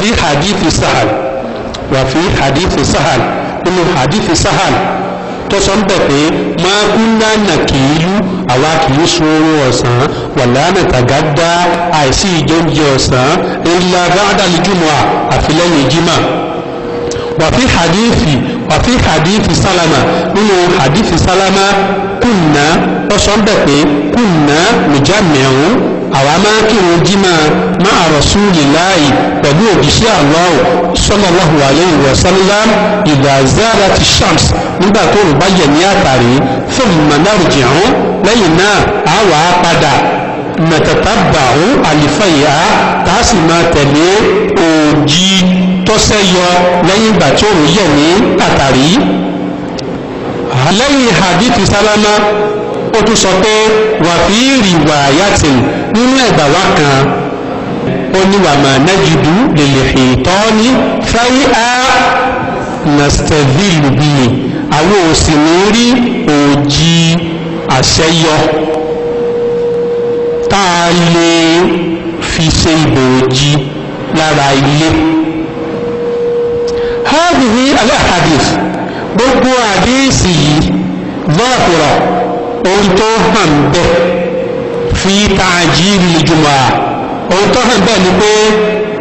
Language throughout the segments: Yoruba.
wàfí hadithi sahal wàfí hadithi sahal nínú hadithi sahal tó sọ ń bẹ̀ pé máa kúnná nà kìílú àwa kìí sóorun ọ̀sán wàláàmì tàgádá àìsí ìjọ́njẹ ọ̀sán ńlá bá dàlí àfilẹ́yìn jimá wàfí hadithi wàfí hadithi sálámà nínú hadithi sálámà kùnà ọ̀sọ́nbẹ̀ pé kùnà nìjàmẹ̀hún àwa máa kírun jímà máa rasulillahi pẹ̀lú òjíṣẹ́ Allah sallallahu alayhi wa sallam idha zarati shams nígbà tó rò bá yẹ ní àtàrí thumma narji'u lẹ́yìn náà àwa padà nàtàtà bàrún àlìfàyà tá a sì máa tẹ̀lé òjì tọ́sẹ̀ yọ lẹ́yìn ìgbà tí òun yẹ̀ ní àtàrí lẹ́yìn hadithi sálámà ó tún sọ pé wàfíìrì wàyàtì nínú ẹ̀gbà wá kan ó ní wàmà nájìdú lèlè ìtọ́ ní fáyí á nàstẹ̀vìlù bíi àwọn òsì ní rí òjì àṣẹyọ tá a lè fi ṣe ibòjì lára ilé hàbìhì aláhàbìhì gbogbo àdéhìsì yìí lọ́ọ̀kùrọ̀ ohun tó hàn bẹ́ fi tààjì ìjùmọ̀ ohun tó hàn bẹ́ẹ̀ ni pé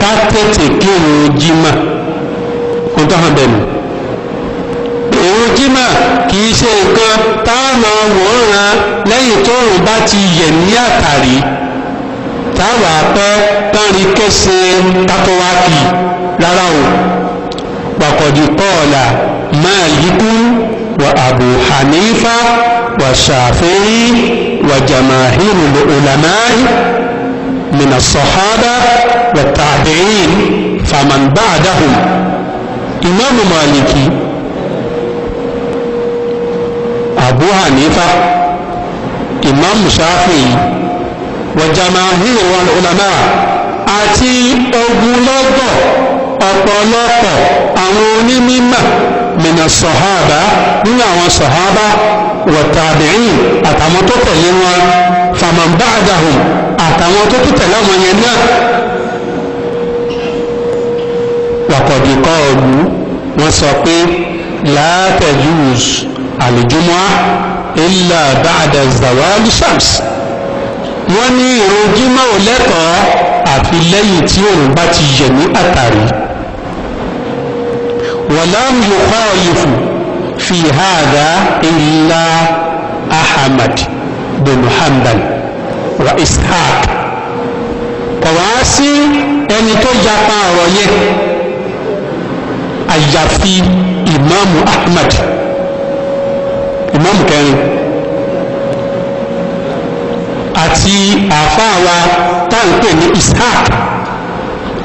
ká tètè kírun jímà ohun tó hàn bẹ́ẹ̀ ni òun jímà kì í ṣe nǹkan táàmà wòóràn lẹ́yìn tó rùn bá ti yẹ̀ ní àtàrí táwà pẹ́ tán rí kése kákọ́wákì rárá o. وقد قال مالك وأبو حنيفة والشافعي وجماهير العلماء من الصحابة والتابعين فمن بعدهم إمام مالك أبو حنيفة إمام شافعي وجماهير العلماء أتي أغلظ ọ̀pọ̀lọpọ̀ àwọn onímímà mìnà sọ̀hábà nínú àwọn sọ̀hábà wọ̀tàbìrín àtàwọn tó tẹ̀lé wọn fàmàbáàdàhùn àtàwọn tó tó tẹ̀lé wọn yẹn náà wàkọ̀dì kọ́ ọ̀lú wọ́n sọ pé látẹ̀júùs àlùjúmọ́ ilà báàdà zawali shams wọ́n ní ìrun ò lẹ́tọ̀ọ́ àfi lẹ́yìn tí òun bá ti yẹ̀ ní àtàrí. ولم يخالف في هذا إلا أحمد بن حنبل وإسحاق kọ̀wáásí ẹni tó yapa ọ̀rọ̀ yẹn àyàfi ìmáàmù Ahmad ìmáàmù kẹrin àti àfáàwa táwọn pè ní Ishaq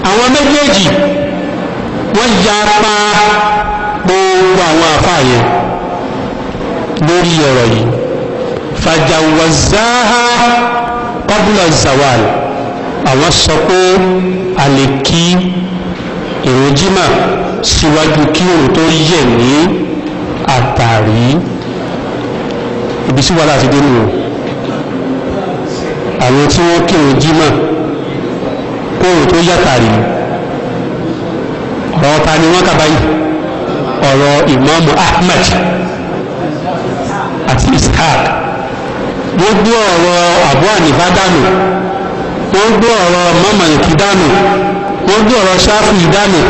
àwọn méjèèjì wọ́n ya pa gbogbo àwọn àfa yẹn lórí ọ̀rọ̀ yìí fàjàwàzáhà qabla zawal àwọn sọ pé a lè kí ìrun síwájú kí òun tó yẹ̀ ní àtàrí ibi sí wàhálà ti dé àwọn tí wọ́n kírun jímà kóòrùn tó yàtàrí ọ̀rọ̀ ta ni wọ́n kàbáyì ọ̀rọ̀ ìmáàmù Ahmad àti Ishaq wọ́n gbé ọ̀rọ̀ Abu Hanifa dànù wọ́n gbé ọ̀rọ̀ mamaliki dànù wọ́n gbé ọ̀rọ̀ Shafi'i dànù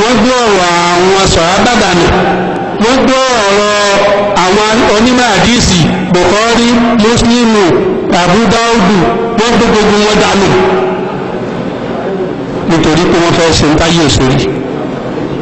wọ́n gbé ọ̀rọ̀ àwọn sọ̀rọ̀ dànù wọ́n gbé ọ̀rọ̀ àwọn onímọ̀ àdìsí Bukhari Muslimu Abu Daudu wọ́n gbé gbogbo wọn dànù nítorí pé wọ́n fẹ́ ṣe ń táyé òṣèré.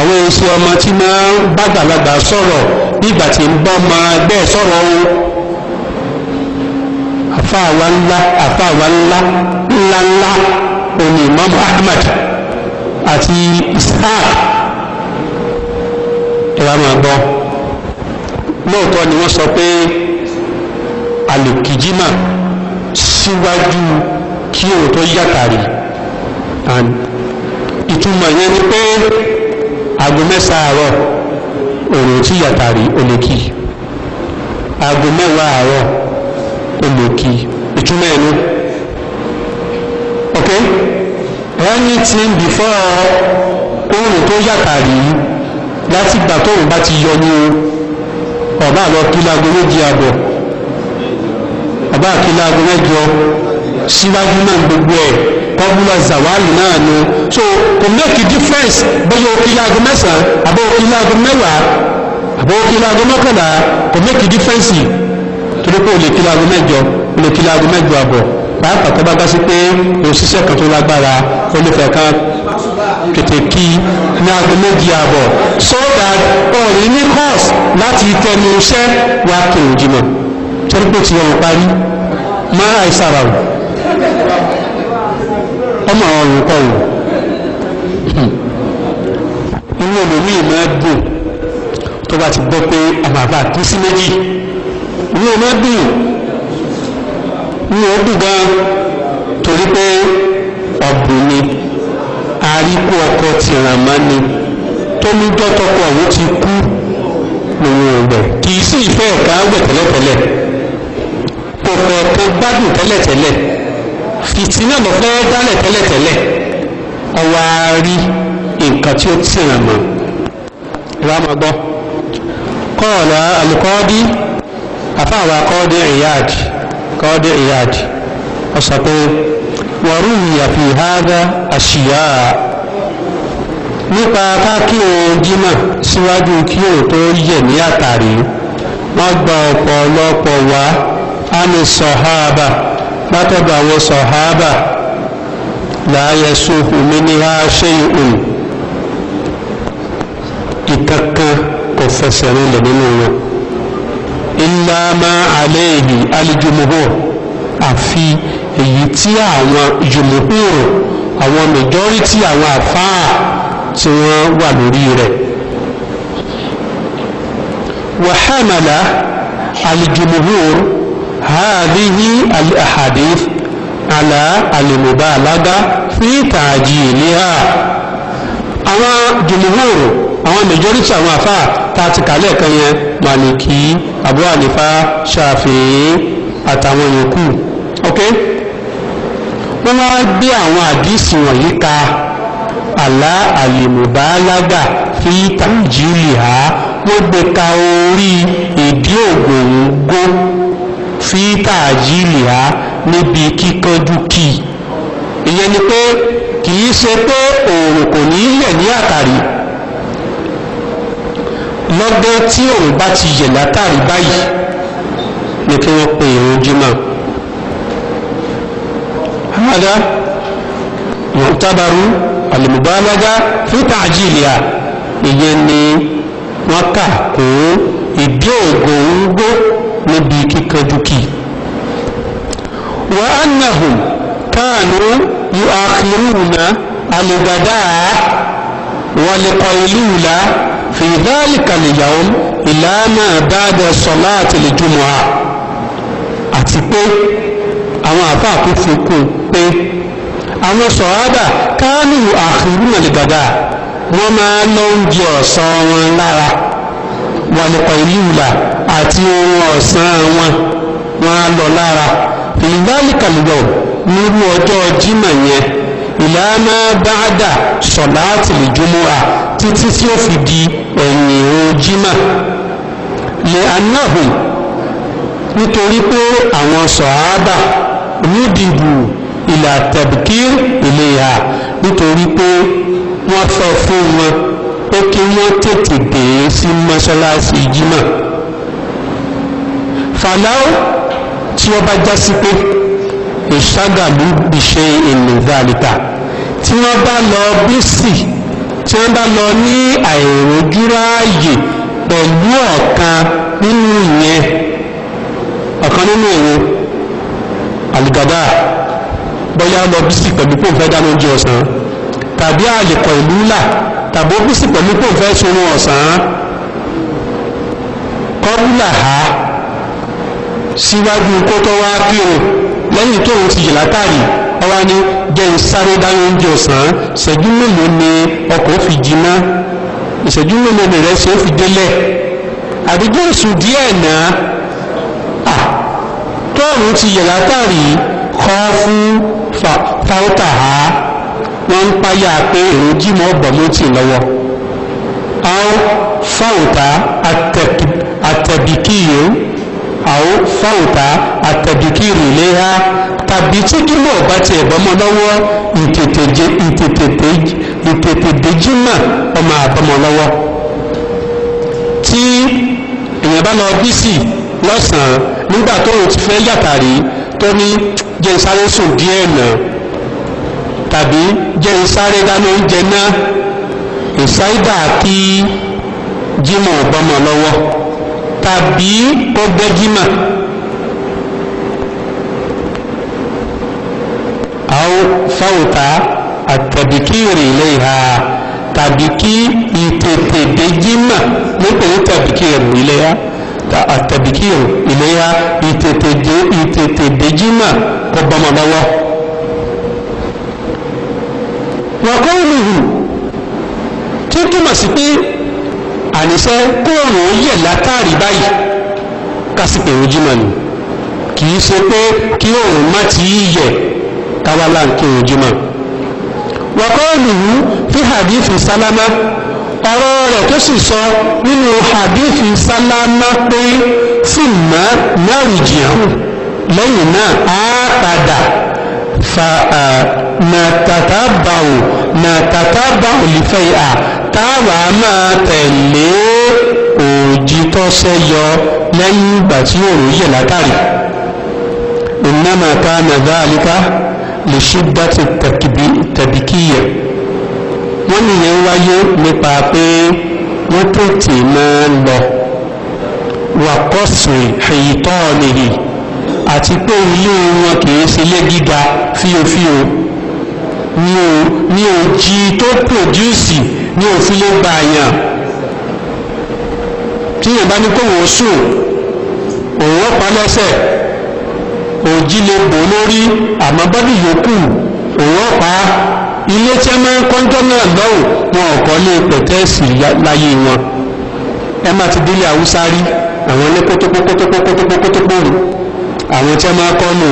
àwọn èsì ọmọ tí máa ń bàgbàlagbà sọ̀rọ̀ nígbà tí ń bọ́ máa gbẹ́ sọ̀rọ̀ o àfáàwá ńlá àfáàwá ńlá ńlá ńlá òní Imam Ahmad àti Ishaq ẹ̀rọ máa gbọ́ lóòótọ́ ni wọ́n sọ pé alùkìjímà síwájú kí òótọ́ yàtàrí ìtumọ̀ yẹn ni pé aago mẹ́sàn-án àárọ̀ òòrùn tí yàtàrí olèkì aago mẹ́wàá àárọ̀ olèkì ìtumọ̀ ẹ̀nu ok anything before òòrùn tó yàtàrí láti gbà tóun bá ti yọ ní ọba àlọ́ kílágo méjì àbọ̀ ọba àkílágo mẹ́jọ síwájú náà gbogbo ẹ̀ kọ́bùlà zawali náà ni so kò make difference bóyá orí láago mẹ́sàn-án àbó orí láago mẹ́wàá àbó orí láago mọ́kànlá kò make difference torí pé o lè kí láago mẹ́jọ o lè kí láago mẹ́jọ àbọ̀ pàápàá tó bá dá sí pé òṣìṣẹ́ kan tó lágbára ó lè fẹ́ kan tètè kí ní aago méjì àbọ̀ so that ọ̀rìn ní course láti tẹnu iṣẹ́ wa kìrìjìmọ̀ torí pé tí wọ́n parí máa àìsàràwọ̀ ọmọ àwọn olùkọ́ yìí inú ẹlòmíì máa dùn tó bá ti gbọ́ pé ọmọ àbá kú sí méjì inú ẹ máa inú ẹ gan torí pé ọ̀bùn ni àríkú ọkọ tìrànmá ni tó ní dọ́tọ́kọ àwọn ti kú lòun ọ̀gbẹ̀ kì í sí ìfẹ́ ọ̀gá ọ̀gbẹ̀ tẹ́lẹ̀tẹ́lẹ̀ kò kọ̀ọ̀kan gbádùn tẹ́lẹ̀tẹ́lẹ̀ fìtínà ló fẹ́ dálẹ̀ tẹ́lẹ̀tẹ́lẹ̀ ọwọ́ a rí nǹkan tí ó tì hàn mọ́ ìwà máa gbọ́ kọ́ọ̀lá alukọ́ọ́dí àfáàwà kọ́ọ́dí Iyad kọ́ọ́dí Iyad ọ̀sọ̀ pé wọ̀rú ìyàfi hádá àṣìyá nípa káàkiri jímọ̀ síwájú kí o tó yẹ̀ ní àtàrí wọ́n gba ọ̀pọ̀lọpọ̀ wá á ní sọ̀háàbà. látọ̀dọ̀ àwọn sọ̀hábà láàyè sóhùn mi ní ha ṣe ìhùn ìkankan kò fẹsẹ̀ rinlẹ̀ nínú wọn illa ma alayhi al-jumhur àfi èyí tí àwọn jumhur àwọn majority àwọn àfáà tí wọ́n wà lórí rẹ̀ wa هذه الأحاديث على المبالغة في تعجيلها àwọn jùmùhúrù àwọn majority àwọn afá tá a ti kàlẹ̀ kan yẹn Màlìkí Abu Hanifa Ṣàfi'í àtàwọn yòókù ok wọ́n wá gbé àwọn àdìsí wọ̀nyí ka àlá àlèmùbálágà fi tàjílì ha wọ́n gbé ka orí ìdí ògòǹgó fi tààjílì á níbi kíkanjú kí ìyẹn ni pé kìí ṣe pé òòrùn kò ní yẹ̀ ní àtàrí lọ́gbọ́n tí òòrùn bá ti yẹ̀ látàrí báyìí ni kí wọ́n pe ìrun jímọ̀ hada yọ̀ntabaru alìmùbálágá fi tààjílì á ìyẹn ni wọ́n kà kó ìdí ògùn ń gbó níbi kíkanjú kì wa annahum kanu yu'akhiruna al-ghada wal-qaylula fi dhalika al-yawm ila ma ba'da salati al-jumu'ah àti pé àwọn àfa àkófò kò pé àwọn sọ̀hábà kánú àkìrú nàlẹ́gàdà wọ́n máa lọ ń jẹ ọ̀sán wọn lára wàlùkọ̀ ìlú ìlà àti ohun ọ̀sán wọn wọn á lọ lára ìlúbálìkàlùbọ̀ nírú ọjọ́ jímọ̀ yẹn ìlànà báàdà sọ̀láàtì lìjúmọ́ra títí tí ó fi di ẹ̀yìn ìrun jímọ̀ lè anáhùn nítorí pé àwọn sọ̀hábà nídìbò ìlà tẹ̀bùkír ìléyà nítorí pé wọ́n fẹ́ fún wọn pé kí wọ́n tètè dé sí mọ́ṣáláṣí jímọ̀ fàlàó tí ó bá já sí pé ìṣàgàlú ìṣe ìnùdálítà tí wọ́n bá lọ bísì tí wọ́n bá lọ ní àìrójúráàyè pẹ̀lú ọ̀kan nínú ìyẹn ọ̀kan nínú ìwé àlùgàdá bóyá lọ bísì pẹ̀lú pòǹfẹ́ dáná oúnjẹ ọ̀sán tàbí àlèkọ̀ ìlú là tàbó bísí pẹ̀lú pé òun fẹ́ sunun ọ̀sán kọ́bùlà ha síwájú kó tó wá kírun lẹ́yìn tó òun ti yìí látàrí ọwá ní jẹ́ ń sáré dáná oúnjẹ ọ̀sán ìṣẹ́jú mélòó ni ọkọ̀ fi jiná ìṣẹ́jú mélòó ni rẹ̀ ṣe ó fi délẹ̀ àdúgbò èṣù díẹ̀ náà tọ́ọ̀rù ti yẹ̀ látàrí kọ́ fún fáwọ́tà ha wọ́n ń páyà pé èrò jímọ̀ bọ̀mọ́tì lọ́wọ́ àwọn fáwọ̀tà àtẹ̀bìkìyò àwọn fáwọ̀tà àtẹ̀bìkìyò léha tàbí tí jímọ̀ bá tiẹ̀ bọ́mọ lọ́wọ́ ìtètèdè jímọ̀ ọmọ àbọ̀mọ lọ́wọ́ tí èèyàn bá lọ bí sí lọ́sàn-án nígbà tó ti fẹ́ yàtàrí tó ní jẹ́ sáré sùn díẹ̀ náà tàbí jẹ́ ìsáré dáná oúnjẹ náà ìsáídà kí jimọ̀ ọ̀bọ̀mọ̀ lọ́wọ́ tàbí kó gbẹ́ jimọ̀ àwọn fáwọ̀tà àtẹ̀bíkìrì ilé ìhà tàbí kí ìtètè dé jimọ̀ nítorí tẹ̀bíkìrì ilé ìhà àtẹ̀bíkìrì ilé ìhà ìtètè dé jimọ̀ kó bọ́mọ lọ́wọ́ wàkọ́ọ̀lùhù tó túmọ̀ sí pé àníṣe kóòrùn ó yẹ̀ látàrí báyìí kásìpè ojúmọ̀ ni kì í ṣe pé kí òòrùn má ti yẹ̀ káwálà ń ojúmọ̀ wàkọ́ọ̀lùhù fi hadith Salama, ọ̀rọ̀ rẹ̀ tó sì sọ nínú hadith Salama pé sì má náà rìjì àrùn lẹ́yìn náà á padà fa na tàtàbàwò na tàtàbàwò lìfẹ́ à táwà máa tẹ̀lé òjì tó sẹ́yọ lẹ́yìn ìgbà tí òòrùn yẹ̀ látàrí ìnáma ká nàdá àlíká lè ṣe dá ti tàbíkìyà wọ́n nìyẹn wáyé nípa pé wọ́n tètè máa lọ wàkọ́sìn ṣèyítọ́ nìyí àti pé ilé wọn kìí ṣe ilé gíga fíofío ni òjì tó pòdúsì ní òfin ló gba àyàn tí yẹn bá ní kó wọ́n sùn o ọ̀pá lẹ́sẹ̀ òjì lè bò lórí àmọ́ bọ́dì yòókù òun ọ̀pá ilé tí a máa ń kọ́ńtọ́ náà lọ́wọ́ wọn ò kọ́ lé pẹ̀tẹ́ẹ̀sì láyé wọn ẹ má ti délé haúsá rí àwọn ilé kótópókótópókótópókótópó àwọn tí a máa kọ́ nù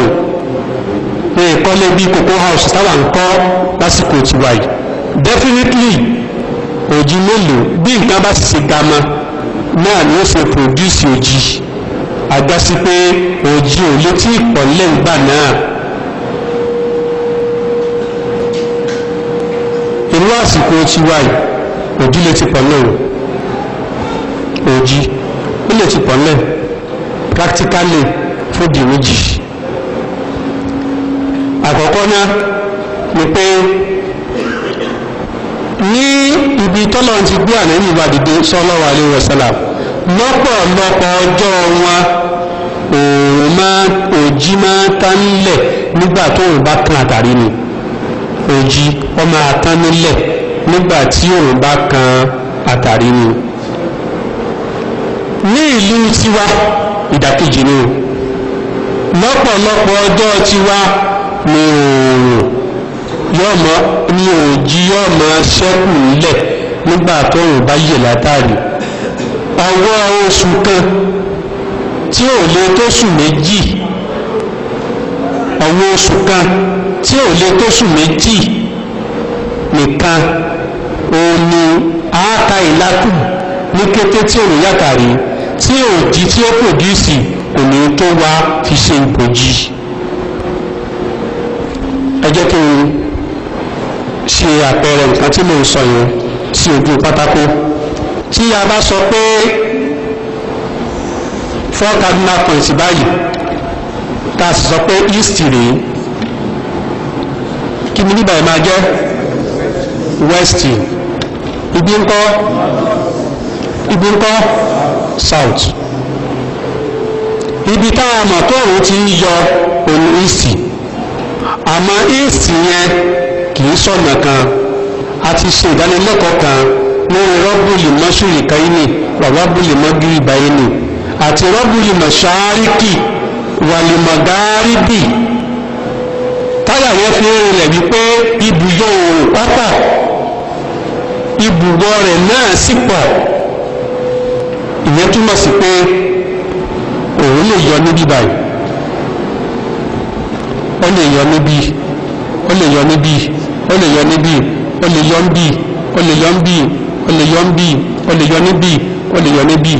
wọn ìkọ́lé bí cocoa house táwa ń kọ́ lásìkò tiwa yìí definitely òjì mélòó bí nǹkan bá sì ṣe gama náà ni ó ṣe produce òjì àgbàsí pé òjì ò lè tí ìpọ̀lẹ́ ìgbà náà irú àsìkò tiwa yìí òjì lè ti pọ̀lẹ́ òjì ó lè ti pọ̀lẹ́ practically fódì méjì àkọ́kọ́ náà ni pé ní ibi tọ́lọ̀ ti gbé ànábì wa dìde sallallahu alaihi wasallam lọ́pọ̀lọpọ̀ ọjọ́ wọn òòrùn máa òjì máa tán nílẹ̀ nígbà tó òòrùn bá kan àtàrí ni òjì wọ́n máa tán nílẹ̀ nígbà tí òòrùn bá kan àtàrí ni ní ìlú tiwa ìdàkejì ni lọ́pọ̀lọpọ̀ ọjọ́ tiwa ní òòrùn yọ́mọ ní òòjí yọ́mọ ṣẹ́kù nílẹ̀ nígbà tó òun bá yẹ̀ látàrí ọwọ́ oṣù kan tí ò lè tóṣù méjì ọwọ́ oṣù kan tí ò lè tóṣù méjì nìkan òun ni àáka ìlàkù ní kété tí òun yàtàrí tí òjì tí ó pòdúsì kò ní tó wá fi ṣe ìbòjì ẹ jẹ́ kí n ṣe àpẹẹrẹ nǹkan tí mò ń sọ yẹn sí ojú pátákó tí a bá sọ pé four cardinal points báyìí tá a sì sọ pé east rèé kí ni níbàyí máa jẹ́ west ibi ńkọ́ ibi ńkọ́ south ibi táwọn àmọ̀ tó òun ti ń yọ òun east àmọ́ east yẹn kì í sọ̀nà kan a ti ṣe ìdánilẹ́kọ̀ọ́ kan lórí rọ́bùlì mọ́ṣúrì káyínì rọ́bùlì mọ́gírì báyínì àti rọ́bùlì mọ́ṣáárìkì wàlìmọ̀gáárìbì táyà yẹn fi rinlẹ̀ wípé ibùyọ òòrùn pápá ibùgbọ́ rẹ̀ náà sì pọ̀ ìyẹn túmọ̀ sí pé òun lè yọ níbí báyìí ó lè yọ níbí ó lè yọ níbí ó lè yọ níbí ó lè yọ níbí ó lè yọ níbí ó lè yọ níbí ó lè yọ níbí ó lè yọ níbí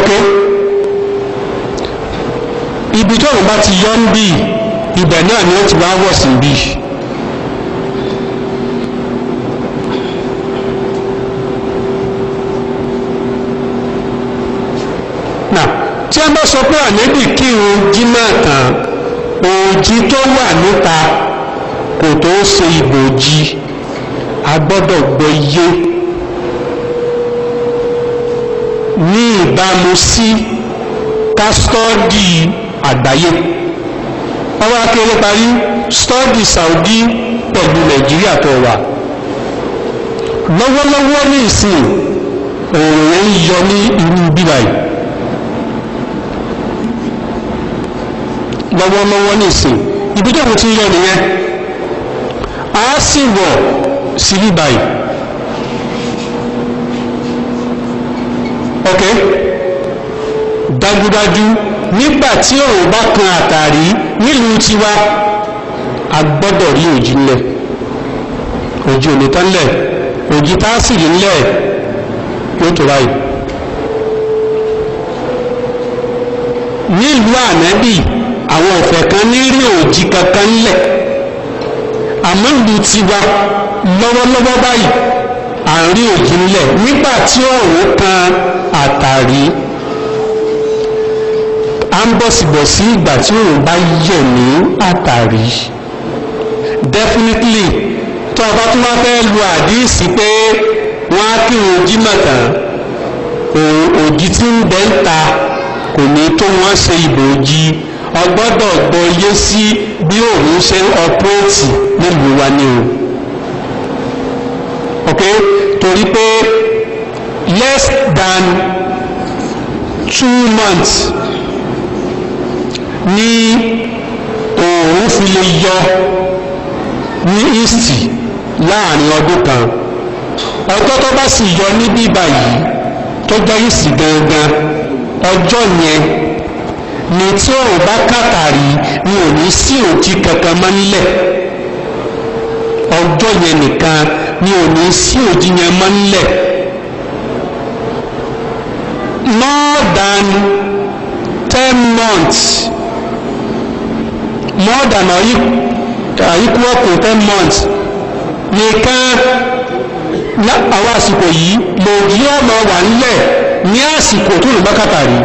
ok ibi tó ń bá ti yọ níbí ibẹ̀ náà ni ó ti wá wọ̀ sí níbí. tí a bá sọ pé ànẹ́bì kírun jímọ̀ tán òjì tó wà níta kò tó ṣe ìbòjì a gbọ́dọ̀ gbọ́ iye ní ìbámu sí kásítọ́ọ̀dì àgbáyé ọwọ́ akéré parí stọ́ọ̀dì Saudi pẹ̀lú Nàìjíríà tó wà lọ́wọ́lọ́wọ́ ní ìsìn òòrùn ń yọ ní inú bíbáyìí lọ́wọ́lọ́wọ́ nìsín ibi tó kù ti yọ nìyẹn a sì wọ̀ sí báyìí ok dájúdájú nígbà tí òun bá kan àtàrí nílùú tiwa a gbọ́dọ̀ rí òjì ńlẹ̀ òjì òní tán lẹ̀ òjì tá a sì rí ńlẹ̀ yóò tó báyìí nílùú ànábì àwọn ọ̀fẹ́ kan ní rí òjì kankan lẹ̀ àmọ́ ìlú tiwa lọ́wọ́lọ́wọ́ báyìí à ń rí òjì ńlẹ̀ nígbà tí ọ̀run kan àtàrí à ń bọ̀sibọ̀sí ìgbà tí òun bá yẹ̀ ní àtàrí definitely tó o bá tún wá fẹ́ lu àdíìsì pé wọ́n á kí òjì mọ̀tàn òjì tí ń bẹ́ ń ta kò ní tó wọ́n ṣe ìbòjì ọgbọ́dọ̀ gbọ́yé sí bí òun ṣe ń ọpẹ́ẹ̀tì nílùú wa ni o ok torí pé less than two months ní òun fi lè yọ ní east láàrin ọdún kan ọjọ́ tó bá sì yọ ní bíbá yìí tó jẹ́ east gangan ọjọ́ yẹn ni tí ò bá kàtàrí mi ò ní sí òkì kankan mọ́ nílẹ̀ ọjọ́ yẹn nìkan ni ò ní sí òjì yẹn mọ́ nílẹ̀ more than ten months more than or uh, equal to ten months nìkan àwọn àsìkò yìí lòdì ọmọ wà nílẹ̀ ní àsìkò tó lè bá kàtàrí.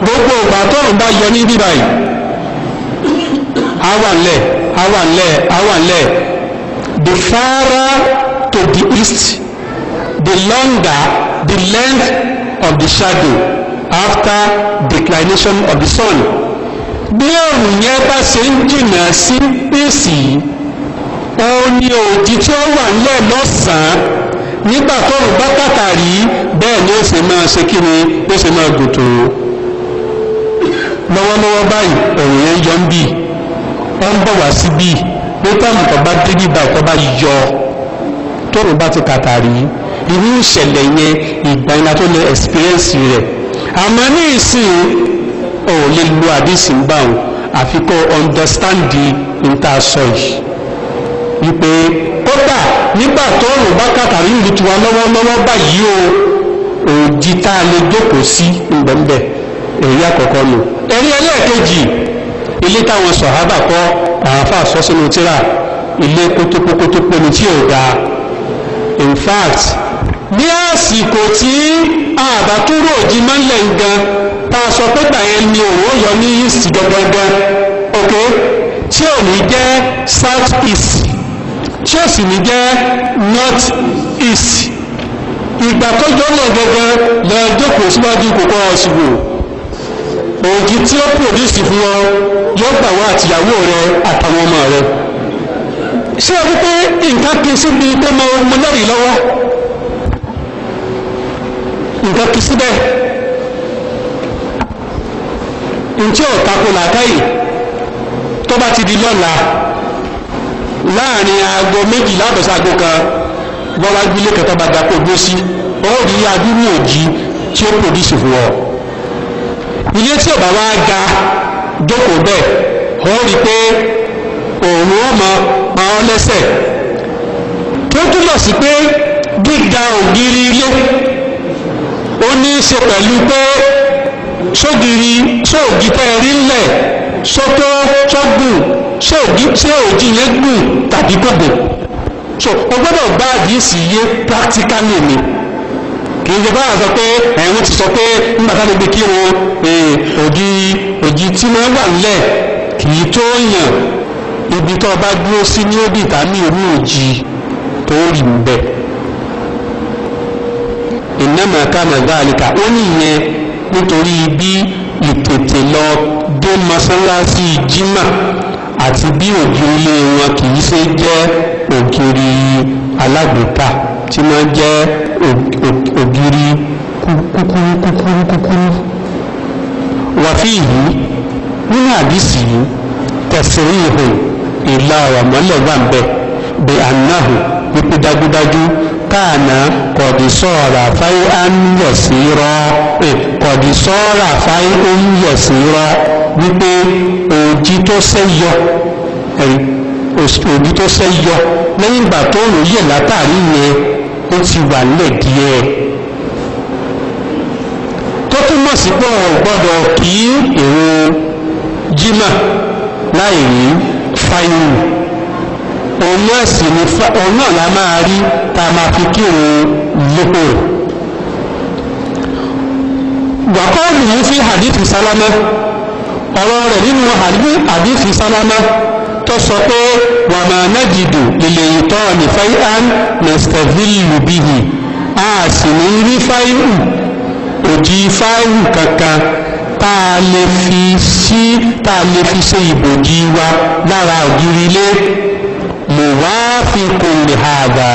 gbogbo ìgbà tọ́rùn bá yọ ní bíbá yìí àwa ńlẹ̀ àwa the fairer to the east the longer the length of the shadow after declination of the sun bí òrùn yẹn bá ṣe ń jìnnà sí pèsè òun ni òjì tí ó wà ńlẹ̀ lọ́sàn-án nígbà tó rùn bá pàtàkì bẹ́ẹ̀ ni ó sì máa ṣe kí ni ó sì máa gòtò lọ́wọ́lọ́wọ́ báyìí ọ̀rọ̀ yẹn yọ ń bì ọ ń bọ̀ wá sí bì pé táàmù tó bá dé nígbà tó bá yọ tóun bá ti kàtàrí irú ìṣẹ̀lẹ̀ yẹn ìgbà yẹn tó lè experience rẹ̀ àmọ́ ní ìsìn ò lè lo àdìsí ń bá wọn àfi kó understand níta sọ yìí wípé kódà nígbà tóun bá kàtàrí ìlú tiwa lọ́wọ́lọ́wọ́ báyìí o òjì tá a lè jókòó sí ńbẹ̀ńbẹ̀ èyí àkọ́kọ́ nù ẹ̀rí ẹlẹ́ẹ̀kejì ilé táwọn sọ̀hábà kọ́ àáfà sọ sínú tíra ilé kótópókótópó ni tí ò dáa in fact ní àsìkò tí àbátúrò òjìmọ́ lẹ̀ ń gan tá a sọ pé gbà yẹn ni òun ó yọ ní east gangan ok tí ò ní jẹ́ south east tí ò sì ní jẹ́ north east ìgbà tó jọ lọ gangan lọ jókòó síwájú kòkó ọ̀sùn wò ògì tí ó pòdísì fún ọ yóò gbà wá àtìyàwó rẹ àtàwọn ọmọ rẹ ṣé o rí pé nǹkan kí síbi pé mo mo lẹ́rìí lọ́wọ́ nǹkan kí síbẹ̀ ntí ò tako làákàyè tó bá ti di lọ́la láàrin aago méjìlá àbọ̀sá aago kan bọ́lá gbélé kẹta bá dàpọ̀ gbó sí ó rí adúrú òjì tí ó pòdísì fún ọ ilé tí ọba wa ga jókòó bẹ́ẹ̀ ó rí i pé òun ó mọ pa ọ́ lẹ́sẹ̀ tó túmọ̀ sí pé gíga ògiri ilé ó ní í ṣe pẹ̀lú pé sógiri sóògì tẹ́ ẹ rí ńlẹ̀ sótó sógùn sóògì tí òjì yẹn gùn tàbí gbogbo so o gbọ́dọ̀ gbá àdìsí yé practically ni kì í ṣe báyà sọ pé ẹ̀rù ti sọ pé nígbà tá a kí wọn òdì òdì tí wọ́n wà nílẹ̀ kì í tó yàn ibi tó bá dúró sí ní òdì tàbí irú òjì tó rí ń bẹ ìnáma kama dáàlìkà ó nìyẹn nítorí bí ìtètè lọ dé jimá àti bí ilé wọn kì í ṣe wàfíìhù nínú àdìsí yìí tẹ̀sírí ihò ìlà ọ̀rọ̀ mọ́lẹ̀ wà ń bẹ̀ bí anáhù wípé dájúdájú káàná kọ̀dísọ́ọ̀rà fáyé ánúyẹ̀sí rọ́ kọ̀dísọ́ọ̀rà fáyé ánúyẹ̀sí rọ́ wípé òjì tó sẹ́yọ òjì tó sẹ́yọ lẹ́yìn ìgbà tó òun látàrí yẹn ó ti wà nílẹ̀ díẹ̀ túmọ̀ sí pé wọn gbọ́dọ̀ kí ìrun jimá láì rí fáyìn òun náà sì ni òun náà la máa rí tá a máa fi kí ìrun lóko rẹ̀ wàkọ́ọ̀lù yìí fi hadithi sálámà ọ̀rọ̀ rẹ̀ nínú hadithi sálámà tó sọ pé wà máa nájìdù lílẹ̀ ìtọ́ ní fáyán nastadhillu bihi a sì ní rí fáyán òjì fáìlù kankan tá a lè fi sí tá a lè fi ṣe ìbòjì wa lára ògiri ilé mo wá fi kò lè ha àbà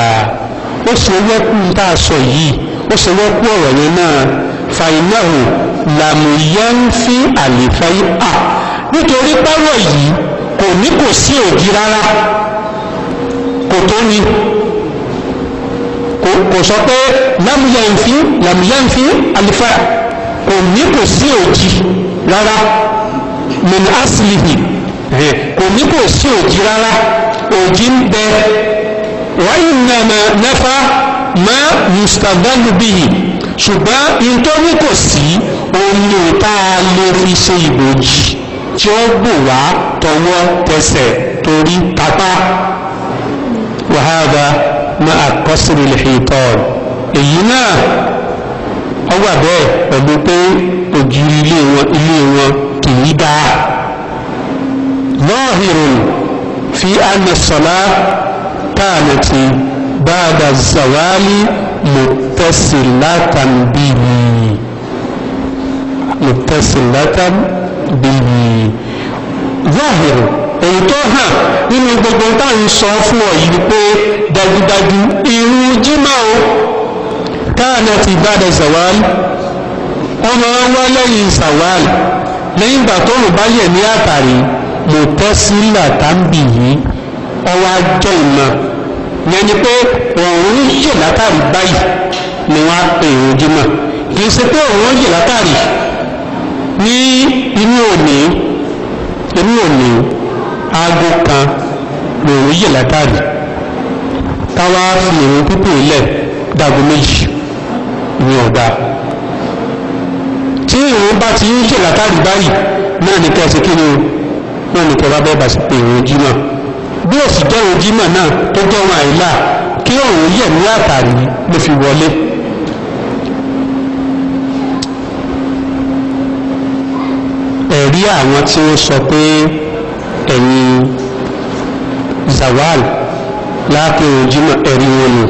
ó ṣe wẹ́kú tá a sọ yìí ó ṣe wẹ́kú ọ̀rọ̀ yẹn náà fàìnáhù làmúyẹ́ńfì àlèfáì à nítorí pọ́rọ̀ yìí kò ní kò sí òjì rárá kò tó ni kò sọ pé lámúyẹ̀ǹfí lámúyẹ̀ǹfí alifa kò ní kò sí òjì rárá min aslihi kò ní kò sí òjì rárá òjì ń bẹ wáyé nàmà nafa má mustadalu bihi ṣùgbọ́n nítorí kò sí omi tá a lè fi ṣe ìbòjì tí ó gbò wá tọwọ́ tẹsẹ̀ torí tapá wàhálà máa àkọsílẹ̀ al-hitan èyí náà ó wà bẹ́ẹ̀ pẹ̀lú pé ògiri ilé wọn ilé wọn kì í dáa lọ́ọ̀hìrùn fi anna as-salah kanat ba'da az-zawali muttasilatan bihi muttasilatan bihi lọ́ọ̀hìrùn èyí tó hàn nínú gbogbo táà sọ fún ọ yìí pé dájúdájú irú jímà o ti bàdà sàwálì ọmọ wa lẹ́yìn sàwálì lẹ́yìn ìgbà tó rò bá ní àtàrí mọ̀tẹ́sílà tàbí yìí ọwọ́ ajọ́ ìmọ̀ yẹn pé òun yè látàrí báyìí ni wọ́n á pè é jímọ̀ kì ṣe pé òun yè látàrí ní inú òní inú òní aago kan lòun yè látàrí káwá fi ìrun pípé lẹ̀ dàgbò méjì ní ọ̀dà tí ìrun bá ti ń ṣe látàrí báyìí náà ní kẹsì kí ni náà ní kẹwàá bẹ́ẹ̀ bá sì pé ìrun jímọ̀ bí ó sì jẹ́ ìrun jímọ̀ náà tó jẹ́ ohun àìlà kí òun yẹ̀ ní àtàrí ló fi wọlé. ẹ̀rí àwọn tí wọ́n sọ pé. láàpẹ̀ òjímọ̀ ẹ̀rí wọn nù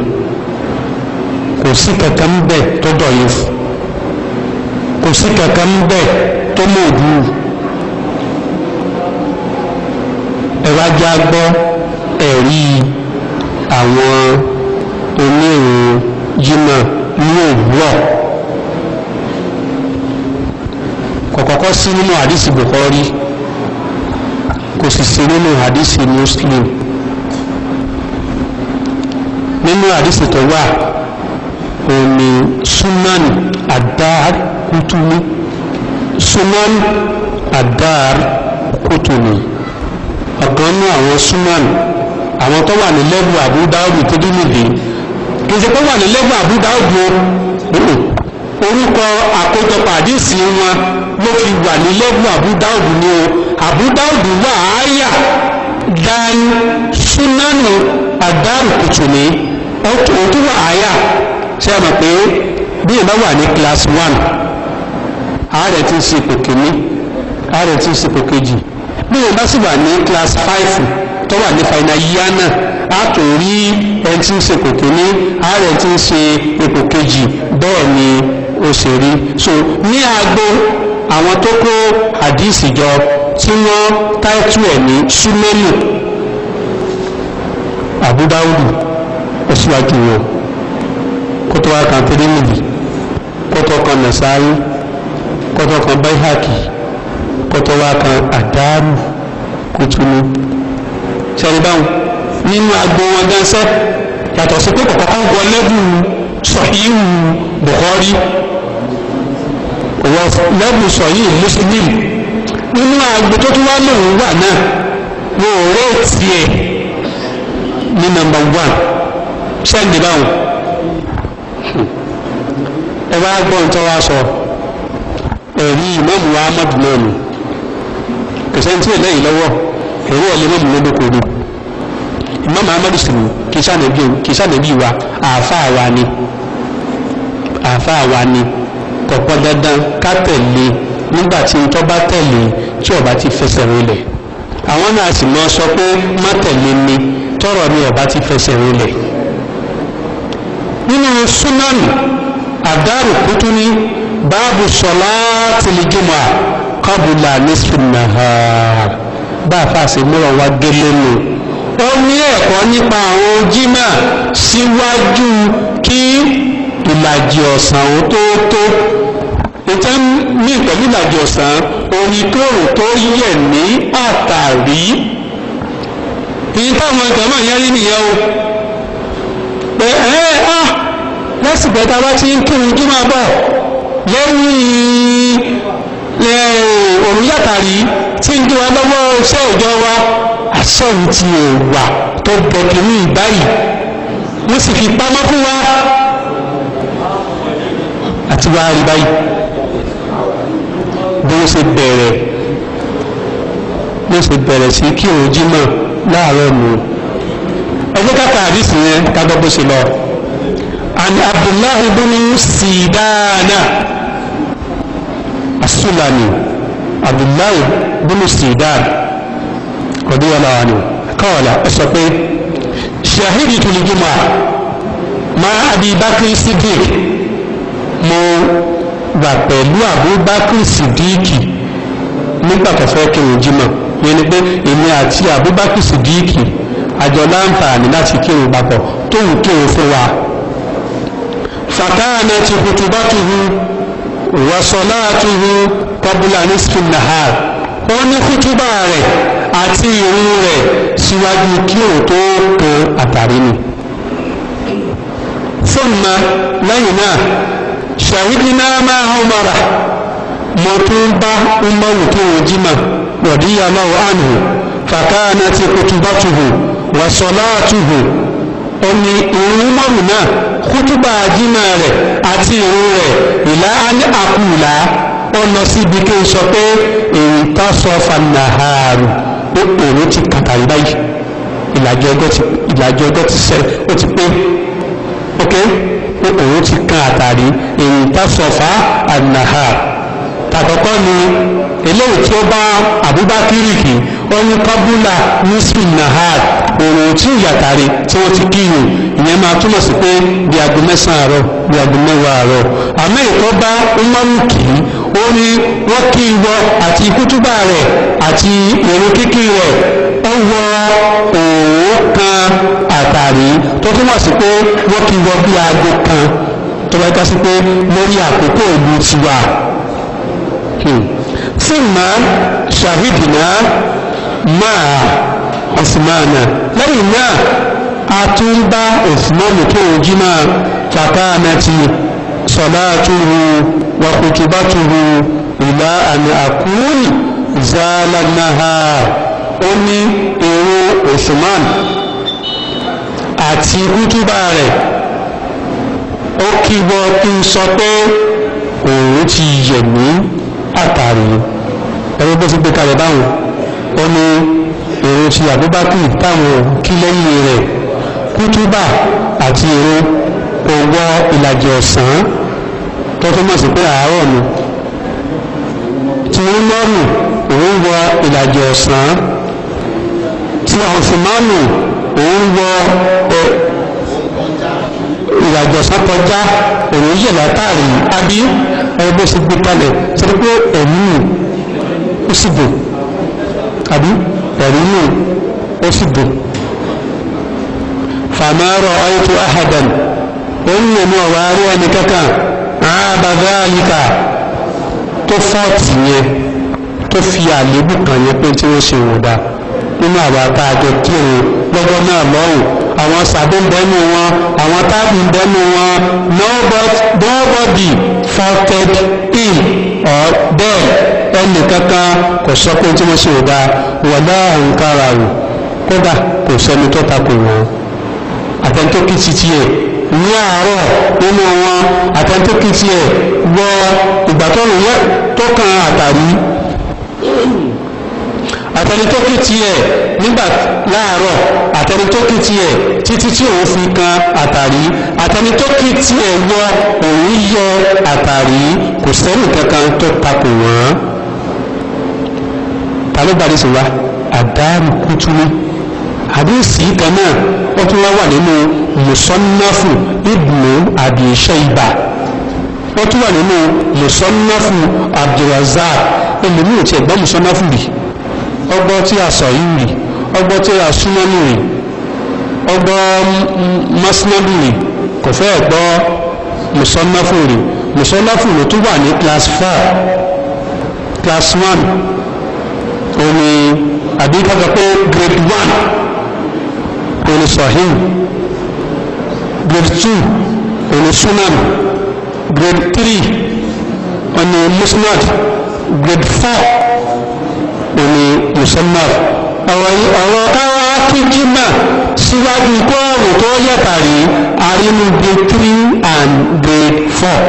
kò sí kankan bẹ̀ tó dọ̀yìn kò sí kankan bẹ̀ tó mọ̀ òdúró ẹ̀rọ ajá gbọ́ ẹ̀rí àwọn onírun jímọ̀ ní òwúrọ̀ kọ̀kọ̀kọ́ sí nínú àdìsí Bukhari kò sì sí nínú àdìsí Muslim nínú àdísì tó wà òní sunan adar kutumi suman adar kutumi ọ̀kan ní àwọn sunan àwọn tó wà ní lẹ́bù Abu Dawud tó dé nìdí kì í ṣe pé wà ní lẹ́bù Abu Dawud orúkọ àkójọpọ̀ àdísì wọn ló fi wà ní lẹ́bù Abu Dawud ní o Abu Dawud wà áyà dan sunanu adarukutumi òun tó wà áyà ṣe é mọ̀ pé bí ìbá wà ní class one ààrẹ ti ń ṣe ipò kìíní ààrẹ ti ń ṣe ipò kejì bí ìbá sì wà ní class five tó wà ní final year náà a tó rí ẹni tí ń ṣe ipò kìíní ààrẹ ti ń ṣe ipò kejì bẹ́ẹ̀ ni ó ṣe rí so ní agbo àwọn tó kó àdìsí jọ tí wọ́n táìtù ẹ̀ ní súnmẹ́lù àbúdáwùdù síwájú wọn kótó wa kan Tirmidhi kótó kan Nasa'i kótó kan Baihaqi kótó wa kan àdáàrú kùtùnú sẹ́ni báwọn nínú agbo wọn gánṣẹ́ yàtọ̀ sí pé kọ̀kọ́kọ́ wọlé bù Sahihu Bukhari lẹ́bùn Sahih Muslim nínú agbo tó tún wá lòun wà náà wọn ò rẹ́ẹ̀tì ẹ̀ ní nọ́mbà one sẹ́ǹdì báwọn ẹ bá gbọ́ nǹkan wá sọ ẹ̀rí ìmọ̀mù wa amadu náà nù kẹsẹ́ntì ẹ̀ lẹ́yìn lọ́wọ́ ẹ̀rọ ọ̀lẹ́ mọ̀mù ló dókòó ni ìmọ̀mù amadu sì ni kì í sànẹ́bí wa àáfàá wa ni àáfàá wa ni kọ̀pọ̀ dandan ká tẹ̀lé nígbà tí n tọ́ bá tẹ̀lé tí ọba ti fẹsẹ̀ rinlẹ̀ àwọn náà sì mọ sọ pé má tẹ̀lé ni tọ́rọ̀ ni ọba ti fẹsẹ̀ rinlẹ̀ nínú sunan àdárò kútú ní báàbù sọlá tìlíjùmọ̀ kọ́bùlà ní sùnà bá a fàṣẹ múlò wá gélé nù ó ní ẹ̀kọ́ nípa àwọn ojúmọ̀ síwájú kí ìlàjì ọ̀sán ó tó tó ìtẹ́ ní pẹ̀lú ìlàjì ọ̀sán orin tóòrò tó yẹ̀ ní àtàrí ìyí táwọn ìgbàmọ̀ yẹn rí nìyẹn o pé ẹ á ah! lásìkò bá ti ń kírun kí máa bọ̀ lẹ́yìn òun látàrí tí ń dí lọ́wọ́ iṣẹ́ ìjọ wa àṣẹ́yìn ti èèwà tó bẹ̀kì ní ìbáyìí wọ́n sì fi pamọ́ fún wa àti wá rí báyìí bí wọ́n ṣe bẹ̀rẹ̀ wọ́n ṣe bẹ̀rẹ̀ sí kí òun jímọ̀ láàárọ̀ nù ẹjẹ́ kápá àdìsí yẹn kágbọ́ bó ṣe lọ àni abdullahi bunu sidana asulani abdullahi bunu sidan radiyallahu anhu kọ́ọ̀lá ẹ sọ pé ṣahidi tó lè jùmọ̀ ma abibakir sidik mo wà pẹ̀lú abubakir sidiki nígbà tó fẹ́ kí n jùmọ̀ yẹn ni pé èmi àti abubakir sidiki àjọ láǹfààní láti kírun papọ̀ tóun kírun fún wa fàkáànà ti kùtùbátùhù wàsọ̀láàtùhù kọbùlà ní spinahar ó ní kùtùbà rẹ̀ àti ìrun rẹ̀ síwájú kí òun tó kó àtàrí ni fúnma lẹ́yìn náà ṣàwídí náà máa hàn mara mo tún bá umaru tó wọ́n jí mà rọ̀díyàlọ́wọ́ àná fàkáànà ti kùtùbátùhù wàsọ̀láàtùhù ó ní ìrún mọ́rù náà kútúbà jímà rẹ̀ àti ìrún rẹ̀ ìlà àkùlà ó lọ síbi kí n sọ pé èyí tá sọ fanahaaru pé òun ti kàkàrí báyìí ìlàjì ọjọ́ ti sẹ́ ó ti pé ok pé òun ti kan àtàrí èyí tá sọ fa anahaaru tàkọ́kọ́ ni eléyìí tí ó bá àbúbákírì kì ó ní kọ́búlà nísù nahad òòrùn tí ò yàtàrí tí wọ́n ti kíyò ìyẹn máa túmọ̀ sí pé bí aago mẹ́sàn-án àárọ̀ bí aago mẹ́wàá àárọ̀ àmọ́ ìkọ́ bá umaru kì í ó ní wọ́n kí ìwọ àti kútúbà rẹ̀ àti èrò kíkí rẹ̀ ó wọ òòrùn kan àtàrí tó túmọ̀ sí pé wọ́n kí ìwọ bí aago kan tó bá dá sí pé lórí àkókò ìlú tiwa. ثم شهدنا ma عثمان lẹ́yìn náà a tún bá Usman kírun jímà fakanati salatuhu wa khutbatuhu ila an akun zalanaha ó ní irun Usman àti kútúbà rẹ̀ ó kíbọ̀ kí n sọ pé òun ti yẹ̀ mí àtàrí ẹni bó ti gbé kalẹ̀ báwọn ó ní èrò ti Abubakar táwọn kí lẹ́yìn rẹ̀ kútúbà àti èrò ògbọ́ ìlàjì ọ̀sán tó túmọ̀ sí pé àárọ̀ ni tí wọ́n lọ́rùn òun wọ ìlàjì ọ̀sán tí ọ̀fùmánù òun wọ ìlàjì ọ̀sán kọjá òun yẹ̀ látàrí abí ẹ bó ṣe gbé kalẹ̀ ṣe pé ẹ̀mí nù ó sì dùn àbí ẹ̀rí nù ó sì dùn fàmárọ̀ ayétu ahadan òun lè mú ọ̀wá rí ẹni kankan àbàdà àyíká tó fọ́ọ̀tì yẹn tó fi àlébù kan yẹn pé tí wọ́n ṣe wọ̀dà nínú àwọn àtàjọ kírun lọ́jọ́ náà lọ́rùn àwọn sàbí ń bẹ́nu wọn àwọn táàbì wọn nobody faulted in or bẹ́ẹ̀ ẹnì kankan kò sọ pé tí wọ́n ṣe ò dáa wọ́n dáa nǹkan ara rò kódà kò sẹ́ni tó takò wọn àtẹ̀ntókì ti tiẹ̀ ní àárọ̀ nínú wọn àtẹ̀ntókì tiẹ̀ wọ ìgbà tó kàn àtàrí àtẹni tó kí tiẹ̀ nígbà láàárọ̀ àtẹni tó kí tiẹ̀ títí tí òun fi kan àtàrí àtẹni tó kí tiẹ̀ yọ òun yọ àtàrí kò sẹ́yìn kankan tó takò wọ́n ta ló bá dé sí wa àdáàrú kútúmí àdéhùsì kan náà ó tún wá wà nínú mùsọ́nnáfù ibnu Abi Shayba ó tún wà nínú mùsọ́nnáfù Abdulrazak ẹlòmíràn tí ẹ̀gbọ́n mùsọ́nnáfù rèé ọgbọ́ tí a sọ yìí rè ọgbọ́ tí a súnmọ́ nù rè ọgbọ́ masinabu rè kò fẹ́ gbọ́ musonnafu rè musonnafu rè tó wà ní class four class one òní àbí kọ́kọ́ pé grade one òní sahih grade two òní sunan grade three òní musnad grade four musamma ọ̀rọ̀ káwá kí jimá síwájú kó ọ̀rùn tó yẹ̀tàrí arínú grade three and grade four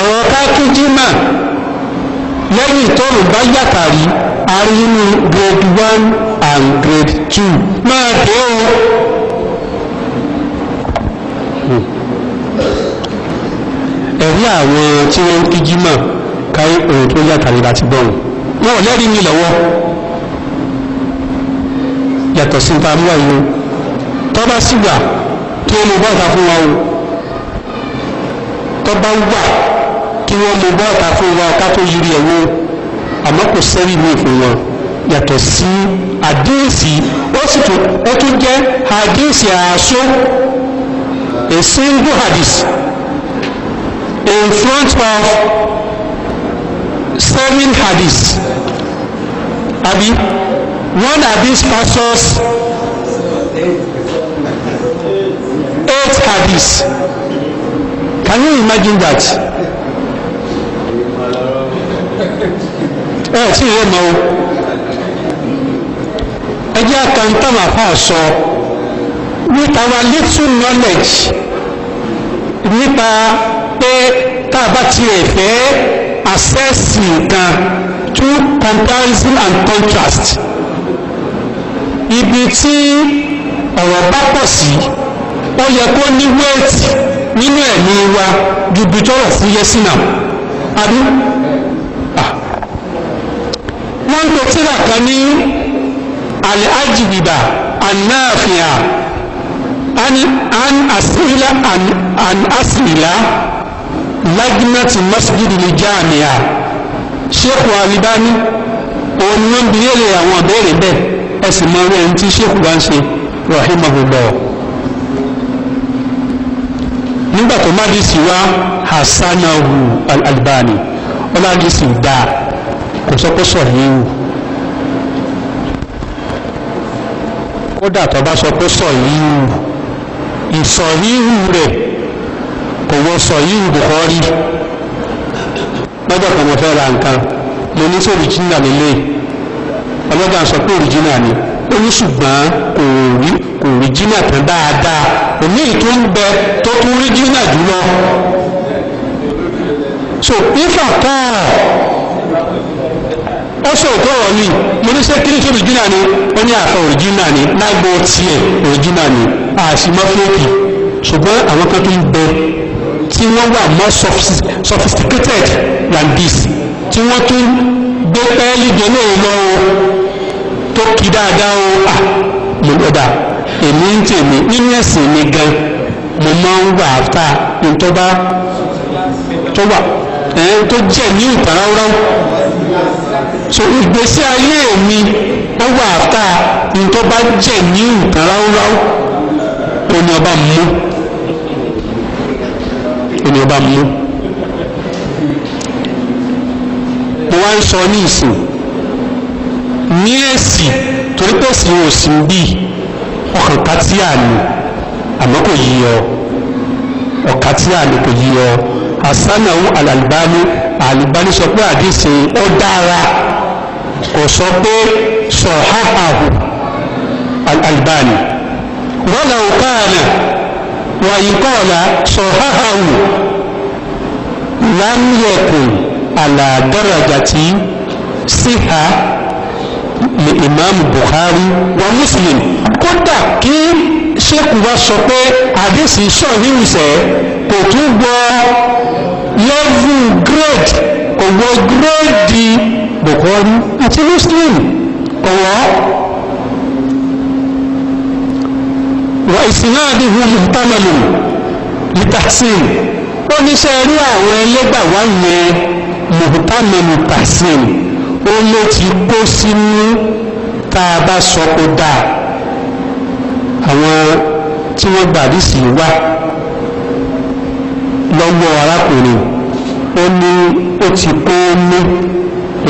ọ̀rọ̀ ká kí jimá lẹ́yìn tóòrù bá yàtàrí arínú grade one and grade two máa dé o. ẹ̀rí àwọn tí wọ́n ń kí jimá káyé òun tó yàtàrí láti gbọ́n wọn ò lẹ́rìí mi lọ́wọ́ yàtọ̀ sí ta mú àyò tọ́ba sígbà kí wọ́n mú bọ́ọ̀ta fún wa o tọ́ba wà kí wọ́n mú bọ́ọ̀ta fún wa ká tó yiri ẹ̀ wo àmọ́ kò sẹ́rí mi fún wọn yàtọ̀ sí àdéhìsì ó sì tún ó tún jẹ́ àdéhìsì àásó a single hadith in front of seven hadith àbí. When are these pastors? Eight hadiths. Can you imagine that? Ẹ tí ìwé mọ́ o. Ẹ jẹ́ àkàntàn àfa sọ with our little knowledge nípa pé tá a bá tiẹ̀ fẹ́ assessing nǹkan through comparison and contrast ibi tí ọ̀rọ̀ bá pọ̀ sí ó yẹ kó ní wéètì nínú ẹ̀mí wa ju ibi tọ́rọ̀ fúyẹ́ sí náà àbí ah. wọ́n ń lo tíra kan ní alẹ́ ajibiba anáàfíà an asila an asila lajinati masjidi ni jaamiya sheikh wa alibani òun ló ń bi yẹlẹ àwọn àbẹ̀rẹ̀ bẹ́ẹ̀ ẹsìn máa rí ẹni tí sèkú bá ń ṣe rahimahullah nígbà tó má dìísì wá hasanahu al-albani ọlá dìísì dáa kò sọ pé sọ̀rọ̀ yìí wù. kódà tó bá sọ pé sọ̀yíhù ìsọ̀yíhù rẹ̀ kò wọ sọ̀yíhù Bukhari lọ́jọ́ kan mo fẹ́ ra nǹkan mo ní sórí jìnnà lélẹ̀ ọlọ́gbà sọ pé òrìjínà ni ó ní ṣùgbọ́n kò rí kò rí jínà tán dáadáa òní tó ń bẹ tó tún rí jínà jùlọ so ifá tán ó sọ òtó ọ̀rọ̀ ni mo ní ṣé kíríkì òrìjínà ni ó ní àfẹ òrìjínà ni lágbo tiẹ̀ òrìjínà ni àṣìmọ́ fúlọ́ọ̀kì ṣùgbọ́n àwọn kan tó ń bẹ tí wọ́n wà more sophisticated than this tí wọ́n tún gbé pẹ́ẹ́lí jẹ́ lóòrùn lọ́wọ́ tó kí dáadáa o à ah, mo gbọ́dà èmi ń tèmi nínú ẹ̀sìn mi gan mo máa ń wà áfà ní tó bá tó wà ẹ̀ẹ́n tó jẹ́ ní ìtaráwọ́rọ́ so ìgbésí ayé mi ó wà áfà ní tó bá jẹ́ ní ìtaráwọ́rọ́ òní ọba mú òní ọba mú mo wá ń sọ ní ìsìn ní èsì torí pé èsì ò sí bí ọkàn katia ni àmọ́ kò yí ọ ọkàn tí a lè kò yí ọ asanahu alalibani alibani sọ pé àdìsí ọ dára kò sọ pé sọ̀háhàhù alalibani wọ́lá òkáàlà wàyíkọ́ọ̀lá sọ̀háhàhù lámìẹ̀kùn àlàdọ́rajàtì síhà. Si imam buhari wa muslim kódà kí ṣékù wa sọ pé àdéhùn sọ̀rí ìṣẹ́ kò tún gbọ́ lọ́vù grade owó gírèdì buhari àti muslim ọ̀wọ́ wa ìsìnláàdìhù muhtamanu litaxin ó ní sẹ́ẹ̀rí àwọn ẹlẹ́gbàá wá yẹn muhtamanu taxin ó ló ti kó sínú tá a bá sọ kó dáa àwọn tí wọ́n gbàdí sí wá lọ́gbọ́ arákùnrin ó ní ó ti kó mú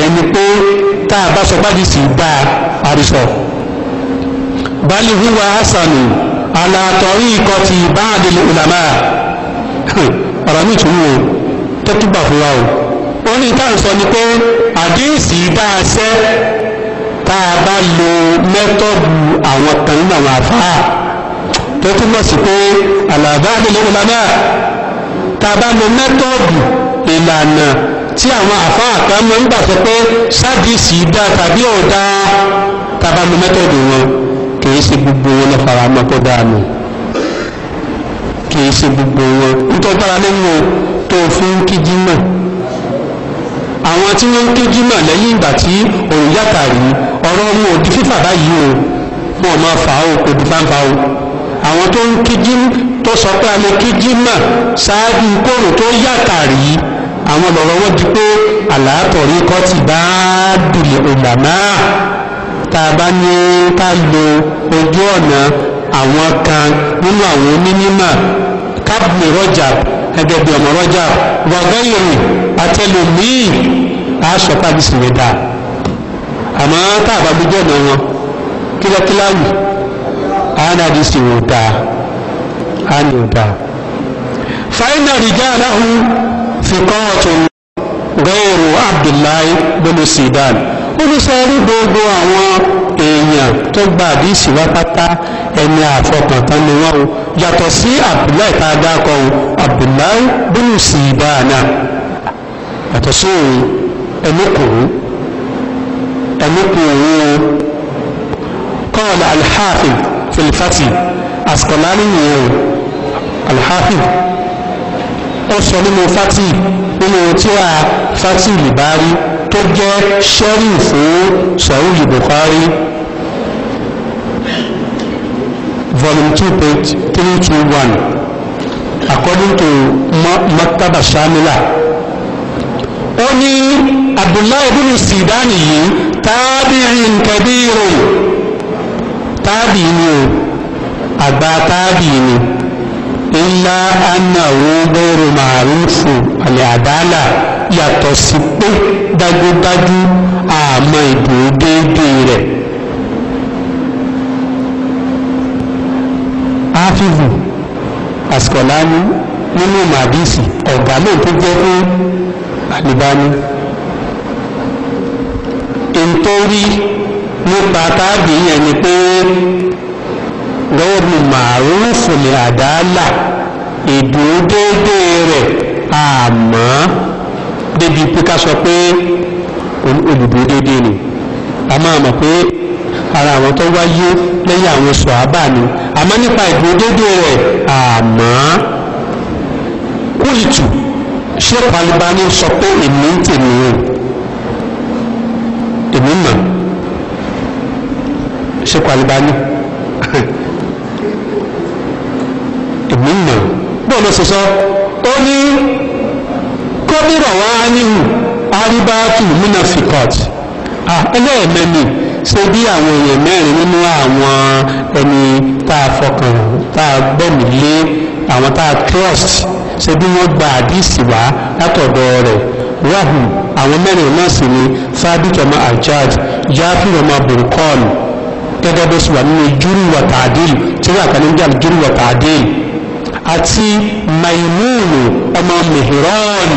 ẹni pé tá a bá sọ gbàdí sí bá a àrísọ bali huwa hasanu ala tariqati ba'd al ulama ọ̀rọ̀ mi tún wò tẹ́tùbà fún wa o wọ́n ní tá à ń sọ ni pé àdéhìsì dáaṣẹ́ tá a bá lo mẹ́tọ́ọ̀dù àwọn kan nínú àwọn àfáà tó túmọ̀ sí pé àlàbá àdéhìsì lábá tá a bá lo mẹ́tọ́ọ̀dù ìlànà tí àwọn àfáà kan mọ́ ń gbà sọ pé sádìsì dá tàbí ọ̀dá tá a bá lo mẹ́tọ́ọ̀dù wọn kìí ṣe gbogbo wọn lọ fara mọ́ tó dáa nù kìí ṣe gbogbo wọn nítorí tára lẹ́nu tó fi kíjí náà àwọn tí wọ́n ń ké jímọ̀ lẹ́yìn ìgbà tí òun yàtàrí ọ̀rọ̀ wọn ò fífà báyìí o wọn ò máa fà á o kò di fáńfà o àwọn tó ń ké jímọ̀ tó sọ pé a lè ké jímọ̀ ṣáájú kóòrò tó yàtàrí àwọn lọ́rọ̀ wọn di pé àlàátọ̀rí kọ́ ti bá dùlẹ̀ ògbàmá tá a bá ní ká lo ojú ọ̀nà àwọn kan nínú àwọn onímọ̀ kábùnì rọ́jà gẹ́gẹ́ bí ọmọ rọ́jà rọ̀gẹ́yìn àtẹlòmíì a sọ pàdé sì yẹn dáa àmọ́ tá a bá gbẹjọ́ ọ̀nà wọn kílákílá yìí a náà di sì wò dáa a ní ò dáa. fàyínà rìjà aláhu fi kọ́ ọ̀tún rẹ́ẹ̀rù abdullahi bẹ́lú sudan ó ní sọ rí gbogbo àwọn èèyàn tó gba àdìsí wá pátá ẹni àfọkàntán ni wọn o yàtọ̀ sí abdullahi tá a dákọ̀ o abdullahi bẹ́lú sudan yàtọ̀ sí òun ẹnukùnrin ẹnukùnrin kọ́ọ̀lá alhafid filifati askolani yìí alhafid ó sọ nínú fati nínú tí wà fati libari tó jẹ́ sẹ́rì fún sọ̀rọ̀ Bukhari volume 2.321 according to maktaba shamila ó ní abdullahi bin sidani yìí tabi'in kabirun tábì ni o àgbà tábì ni illa annahu ghayru ma'rufu al-adala yàtọ̀ sí pé dájúdájú àmọ́ ìbò déédéé rẹ̀ áfíìfù àsìkò nínú màdìsì ọ̀gá lóòótọ́ jẹ́ pé Albani nítorí nípa táàbì yẹn ni pé lọ́wọ́ mi màrúfù ní àdáálà ìdúró déédéé rẹ̀ àmọ́ débi pé ká sọ pé olùdúró déédéé ni a máa mọ̀ pé ara àwọn tó wáyé lẹ́yìn àwọn sọ̀hábà ni àmọ́ nípa ìdúró déédéé rẹ̀ àmọ́ kúlìtù Sheikh Albani sọ pé èmi ń tèmi o èmi mọ̀ Sheikh Albani èmi mọ̀ bó ló ṣe sọ ó ní kọ́bírọ̀ wá níhù arúbáàtù minafiqat ẹlẹ́ẹ̀mẹ́ni ṣe bí àwọn èèyàn mẹ́rin nínú àwọn ẹni tá a fọkàn tá a gbẹ̀mí lé àwọn tá a trust ṣe bí wọ́n gba àdìsí wá látọ̀dọ̀ rẹ̀ wahum àwọn mẹ́rin náà sì ni thabit ọmọ ajaj jafir ọmọ burkon gẹ́gẹ́ bó ṣe wà nínú júrù wà tàdíl tí wọ́n àpẹẹrẹ ń jà júrù àti maimunu ọmọ mihran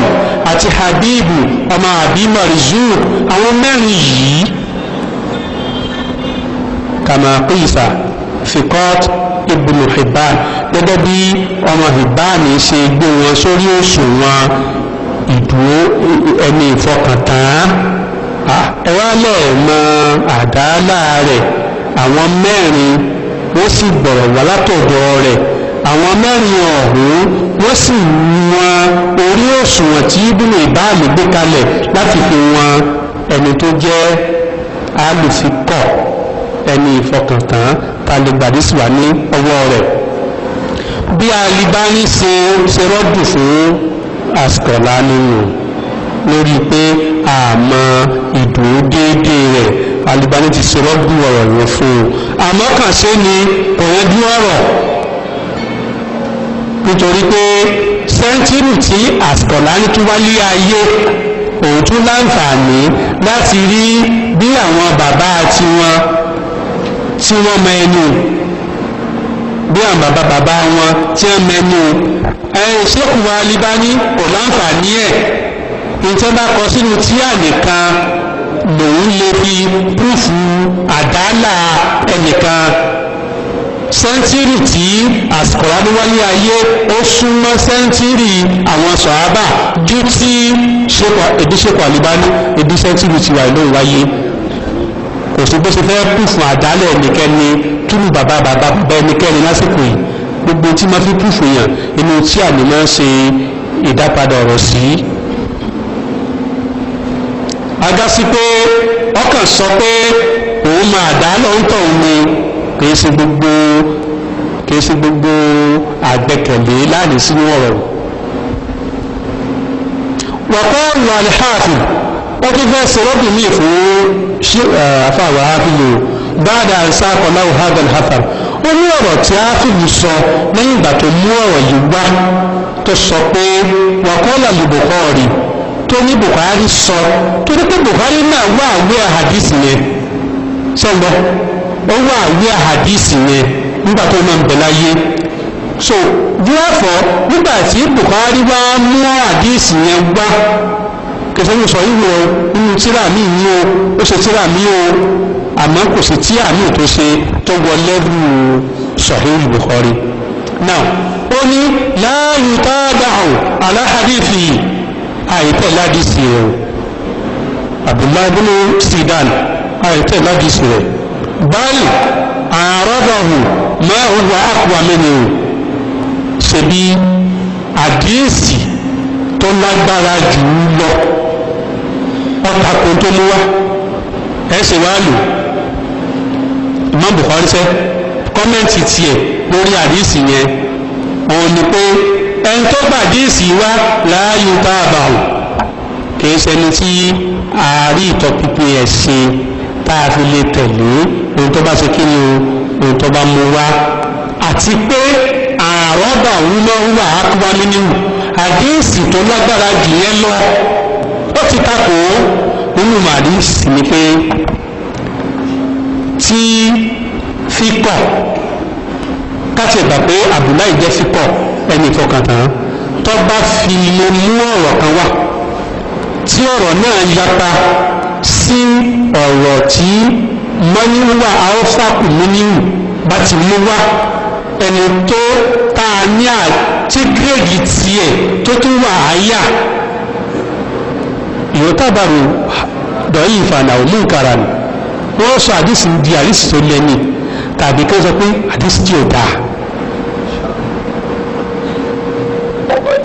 àti habibu ọmọ abimarizu àwọn mẹ́rin yìí kàmáàkìsà fikọ́tù ibùdó hibban gẹ́gẹ́ bí ọmọ hibban ṣe gbé wọn sórí òṣùwọ̀n ìdúró ẹni ìfọkàntán ẹ wá lẹ́ẹ̀mọ àdáálà rẹ̀ àwọn mẹ́rin wọ́n sì gbọ̀rọ̀ wá látọ̀dọ̀ rẹ̀ àwọn mẹ́rin ọ̀hún wọ́n sì wọn orí òṣùwọ̀n tí ibùdó ìbáàmì gbé kalẹ̀ láti fi wọn ẹni tó jẹ́ alùfikọ̀ ẹni ìfọkàntán tá a lè gbàdé sí wa ní ọwọ́ rẹ̀ bí alibani ṣe ṣe rọ́dù fún àsìkọ̀lá nínú lórí pé àmọ́ ìdúró déédéé rẹ̀ alibani ti ṣe rọ́dù ọ̀rọ̀ yẹn fún un àmọ́ kàn ṣe ni kò yẹn ọ̀rọ̀ nítorí pé sẹ́ńtírù tí àsìkọ̀lá ní tún wálé ayé òun tún láǹfààní láti rí bí àwọn bàbá tiwọn tí wọ́n mọ ẹni bí àwọn bàbá bàbá wọn tí wọ́n mọ ẹni ẹ ṣékùn wa Albani kò láǹfààní ẹ̀ ìtọ́ bá kọ sínú tíà nìkan lòun lè fi púrúfù àdálà ẹnìkan sẹ́ńtírì tí àsìkòrádé wáyé ayé ó súnmọ́ sẹ́ńtírì àwọn sọ̀hábà ju tí ebi ṣèkò Albani ebi tiwa ìlú wáyé kò sí bó ṣe fẹ́ púfù àdálẹ̀ ẹnikẹ́ni túlù bàbá bàbá bàbá ẹnikẹ́ni lásìkò yìí gbogbo tí ma fi púfù yàn inú tí àmì máa ń ṣe ìdápadà ọ̀rọ̀ sí. aga sí pé ọkàn sọ pé òun máa dálọ́ ń tọ̀ ní kì í ṣe gbogbo kì í ṣe gbogbo àgbẹ̀kẹ̀lé láàrin sínú ọ̀rọ̀. wàkọ́ ọ̀nà àlẹ́ hàfù. wọ́n tún fẹ́ sọ̀rọ̀bù mí fún àfàwà áfíìlú báadà sáàkọ̀lá hadal hafar ó ní ọ̀rọ̀ tí áfíìlú sọ lẹ́yìn ìgbà tó mú ọ̀rọ̀ yìí wá tó sọ pé wàkọ́lá lùbùkọ́ rí tó ní Bukhari sọ tó ní pé Bukhari náà wà àhàdìsì yẹn sọ́gbọ́n ó wà so nígbà tí wá mú kẹsẹ́ yóò sọ ìwé o nínú tíra mi yìí o ó ṣe tíra mi o àmọ́ kò sí tí àmì tó ṣe tó wọ lẹ́rù Sahih Bukhari now ó ní láàyè tá a dà ọ́ aláhàdìfì àìtẹ́ ládìsí rẹ̀ o Abdullahi bin Sidan àìtẹ́ ládìsí rẹ̀ báyìí àárọ̀dọ̀hùn máa ń wà ákùwà mẹ́nu ṣe bí àdìsí tó lágbára jù ú lọ ọta kò tó mú wá ẹsẹ̀ wá lò Imam Bukhari sẹ́ kọ́mẹ́ǹtì tiẹ̀ lórí àdìsí yẹn òun ni pé ẹni tó gbàdìsí wá láàyò tá a bà ó kì í ṣẹni tí ààrí ìtọ́pípé ẹ̀ ṣe tá a fi lè tẹ̀lé ohun tó bá ṣe kí ni ohun tó bá mú wá àti pé àrọ́bà wúlọ́wúlọ́ àkúbámínú àdìsí tó lágbára jù yẹn lọ ó ti takò nínú màdís ni pé tí fíkọ̀ káti ẹ̀gbà pé Abdullahi jẹ́ fíkọ̀ ẹni ìfọkàntán tó bá fi lè mú ọ̀rọ̀ kan wà tí ọ̀rọ̀ náà yapa sí ọ̀rọ̀ tí mọ́níwá aọ́fàkù míníwù bá ti mú wá ẹni tó ta ní àtíkèrègì tiẹ̀ tó tún wà áyà yòótàbàrò dọ̀yìn ìfànà òmù nkàrà nù wọ́n sọ àdìsí di àdìsí tó lẹ́ni tàbí kí wọ́n sọ pé àdìsí tí ò dáa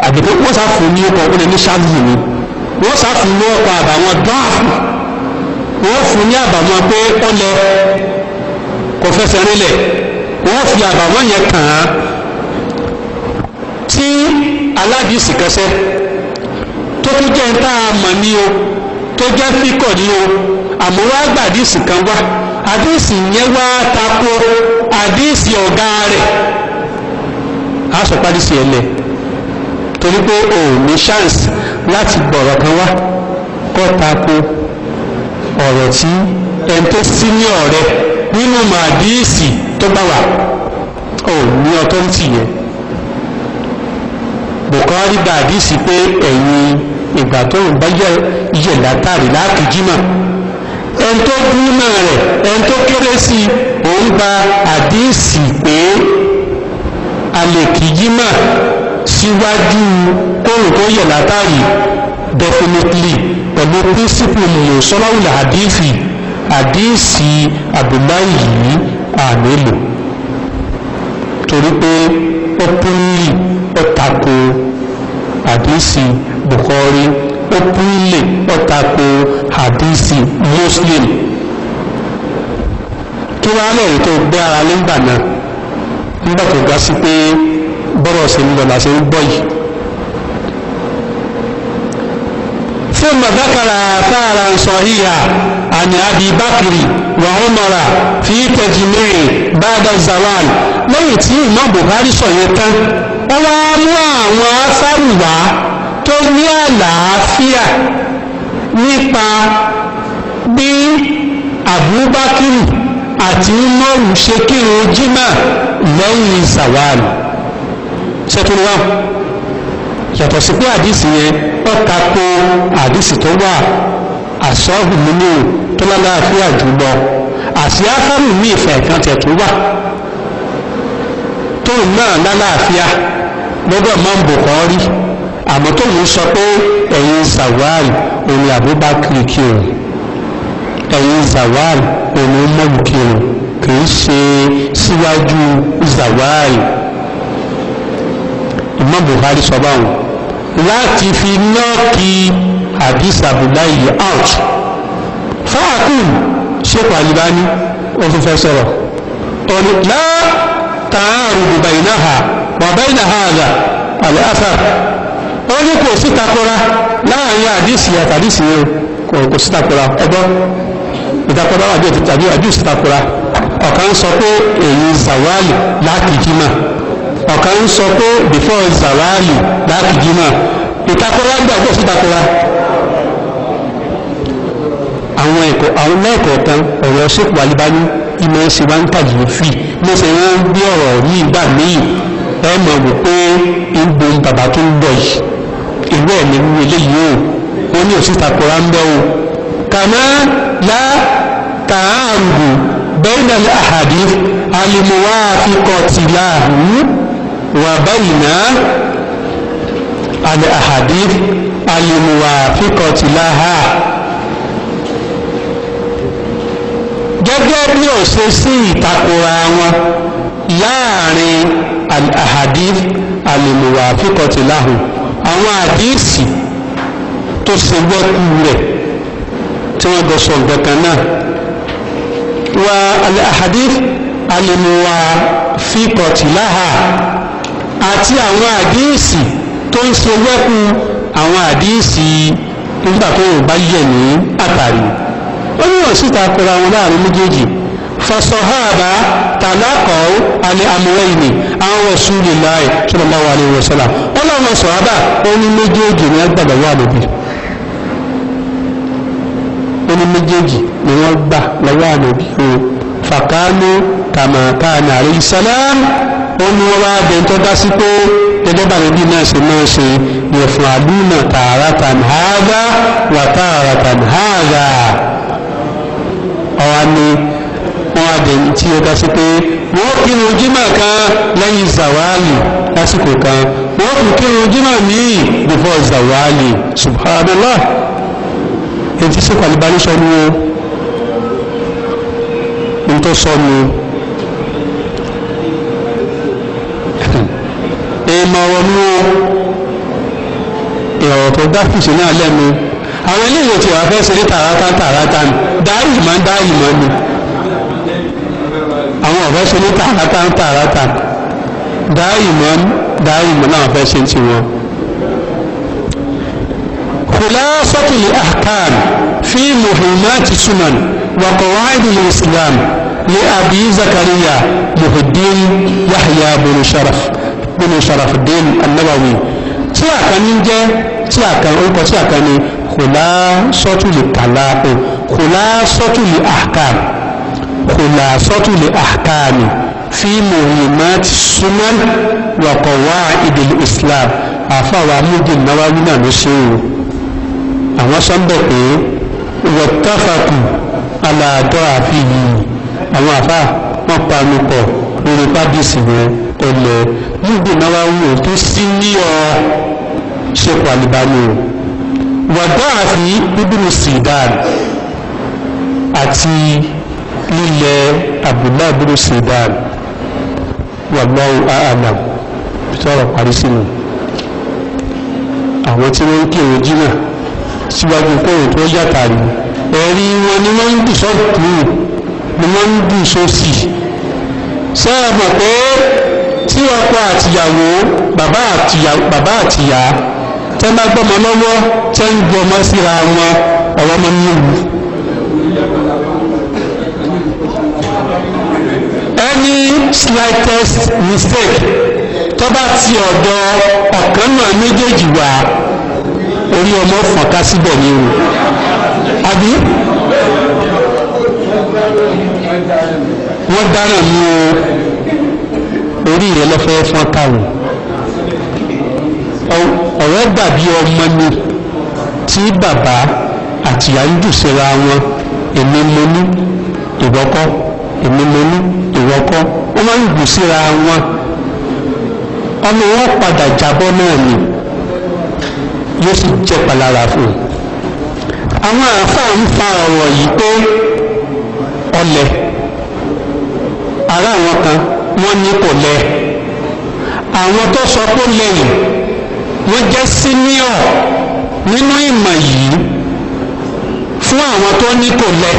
àgbẹ̀tẹ wọ́n sá fún ní ọkọ̀ ó lè ní ṣáàzì ni wọ́n sá fún ní ọkọ̀ àbàwọn dáàfù wọ́n fún ní àbàwọn pé ó lẹ kò fẹsẹ̀ rinlẹ̀ wọ́n fi àbàwọn yẹn kàn án tí aládìsí kẹsẹ́ tó tún jẹ́ ń tá a mọ̀ ní o tó jẹ́ fíkọ̀ ní o àmọ́ wá gbàdísì kan wá àdísì yẹn wá tako àdísì ọ̀gá rẹ̀ á sọ pàdísì ẹ̀ lẹ̀ torí pé o ò ní chance láti gbọ̀rọ̀ kan wá kọ́ tako ọ̀rọ̀ tí ẹni tó sí ní ọ̀rẹ́ nínú màdísì tó bá wà ò ní ọtọ́ ń tì yẹn bùkọ́rí bàdísì pé ẹ̀yin ìgbà tó ń bá yẹ̀ látàrí láti jímọ̀ ẹn tó bímọ rẹ̀ ẹn tó kéré sí òun gba àdéhìsì pé alèkì jímọ̀ síwájú kóhùn tó yẹ̀ látàrí definitely pẹ̀lú pírísìpù lè sọ́láwùlà àdéhìsì àdéhìsì àbùláyì yìí àmì lò torí pé ó pínlẹ̀ ó tako hadisi bukhari ó kúnlẹ̀ hadisi muslim kí wàá lẹ́yìn tó gbé ara nígbà náà nígbà tó ga sí pé bọ́rọ̀ sí ni lọ́la ṣe ń bọ́ yìí. ثم ذكر آثارا صحيحة عن أبي بكر وعمر في lẹ́yìn tí wọ́n wá mú àwọn afárùwá tó ní àlàáfíà nípa bí Abubakar àti Umaru ṣe kírun jimá lẹ́yìn sàwárì ṣẹ́tùrúwà yàtọ̀ sí pé àdìsí yẹn ó tako àdìsí tó wà àṣọ́hùn nínú tó lálàáfíà jùlọ àti afárùn ní ìfẹ̀ kan tẹ̀ tó wà tó náà lálàáfíà lọ́dọ̀ máa ń bò kọ́ rí àmọ́ tó ń sọ pé ẹ̀yin zawal òní Abubakar kí o ẹ̀yin zawal òní Umaru kí o kì í ṣe síwájú zawal Imam Buhari sọ báwọn láti fi nọ́ọ̀kì hadith Abdullahi out fáàkùn ṣèpàlìbá ní ó tún fẹ́ sọ̀rọ̀ ọ̀nà tààrùn bàyìnáhà wà bàyìnáhà àgà àlẹ́àfà wọ́n ní kò sí takora láàrin àdìsí àtàdìsí kò sí takora ẹgbọ́ ìtakora wà bíi tàbí àdìsí takora ọ̀kan sọ pé èyí zawali lákìjímà ọ̀kan sọ pé before zawali lákìjímà ìtakora ń gbàgbọ́ sí takora àwọn ẹ̀kọ́ àwọn mẹ́ẹ̀kọ̀ọ̀kan ọ̀rọ̀ ṣèkù alibáyé ìmọ̀ ṣe wá ń tàjì fi ló ṣe wọ́n gbé ọ̀rọ̀ yìí gbà míì ẹ mọ̀ wò pé ìgbò bàbá tó ń bọ̀ yìí ìlú ẹ̀mí wíwú eléyìí o wọ́n ní òsì takora ń bẹ́ o kàmá lá tààrùbù bẹ́ẹ̀nà àhàdí alimowa akíkọ ti láàrú wà bẹ́ẹ̀nà àhàdí alimowa akíkọ ti láàrú. gẹ́gẹ́ bí ó ṣe sí ìtakora wọn láàrin al-ahadith al-muwafiqati lahu àwọn àdíìsì tó ṣe wẹ́kú rẹ̀ tí wọ́n jọ sọ nǹkan kan náà wa al-ahadith al àti àwọn àdíìsì tó ń ṣe wẹ́kú àwọn àdíìsì nígbà tó yóò bá yẹ̀ ní àtàrí ó ní wọ́n síta kóra wọn láàrin méjèèjì fasọ̀háàbá tàlákọ̀ àlẹ́ àmúrẹ́yìnì àwọn Rasulullahi sallallahu alaihi wasallam ọlọ́run sọ̀hábà ó ní méjèèjì ní agbàgbà wà lóbi ó ní méjèèjì ni wọ́n gbà lọ́wọ́ àlòbí o fàkánú kàmàkánà àlẹ́ ìsàlám ó ní wọ́n wá bẹ̀ẹ́ tó dá sí pé gẹ́gẹ́ bá níbi náà ṣe máa ṣe yẹ̀fún àdúnà tààràtàn háàdá wà tààràtàn háàdá ọwá ní wọ́n àdè tí ó dá sí pé wọ́n kírun jímọ̀ kan lẹ́yìn zawali lásìkò kan wọ́n kù kírun jímọ̀ míì before zawali subhanallah èyí tí sèkò àlìbálẹ̀ sọ ní o n tó sọ ní èèmọ̀ ọ̀rọ̀ ní o ìrọ̀rọ̀ tó dá fìṣẹ́ náà lẹ́nu àwọn eléyìí tí wàá fẹ́ ṣeré tààràtà tààràtà ni dáàlì máa ń dáàlì máa ń ni àwọn ọ̀fẹ́ ṣeré tààràtà tààràtà dáàlì máa ń dáàlì náà fẹ́ ṣe ti wọn. خلاصة الأحكام في مهمات السنن وقواعد الإسلام لأبي زكريا محي الدين يحيى بن شرف بن شرف الدين النووي tí àkàn ní jẹ́ tí àkàn orúkọ tí àkàn ní kòlásọ́tùlì kàláàpò kòlásọ́tùlì àkàm kòlásọ́tùlì àkàmì fi muhimmat sunan wa qawaid al-islam àfàwà amúdì náwáwí náà ló ṣe o àwọn sọ́ńbẹ̀ pé wattafaqu ala da'fihi àwọn àfà wọn panu pọ̀ lórí pábíìsì rẹ ọlẹ múdì náwáwí ò tó sí ní ọ ṣe pàlìbánu o wàdáàfí ibùdó sudan àti lílẹ̀ abdullahi ibùdó sudan wallahu a'lam sọ̀rọ̀ parí sínú àwọn tí wọ́n ń kí òun jìnnà síwájú kóòrò tó yàtàrí ẹ̀rí wọn ni wọ́n ń dùn sọ́ọ̀tù ni wọ́n ń dùn sósì sẹ́ẹ̀mọ̀ pé tí wọ́n pa àtìyàwó bàbá àtìyá tẹ́ bá gbọ́mọ lọ́wọ́ tẹ́ ń gbọ́mọ síra wọn ọ̀rọ̀ ọmọ nínú ìlú. any slightest mistake tó bá ti ọ̀dọ̀ ọ̀kan náà méjèèjì wá orí ọmọ fọ̀nká síbẹ̀ ni o àbí wọ́n dáná ní orí rẹ̀ lọ́fẹ́ fọ́nká o ọ̀rọ̀ gbà bí ọmọ ni tí bàbá àti àńdù síra wọn èmi mo ní ìwọ́kọ́ èmi mo ní ìwọ́kọ́ wọ́n máa ń gùn síra wọn ọmọ wọn padà jábọ́ náà ni yóò sì jẹ́ palára fún un àwọn àáfàá ń fa ọ̀rọ̀ yìí pé ọlẹ̀ ara àwọn kan wọ́n ní kò lẹ̀ àwọn tó sọ pé lẹ́yìn wọ́n jẹ́ senior nínú ìmọ̀ yìí fún àwọn tó ní kò lẹ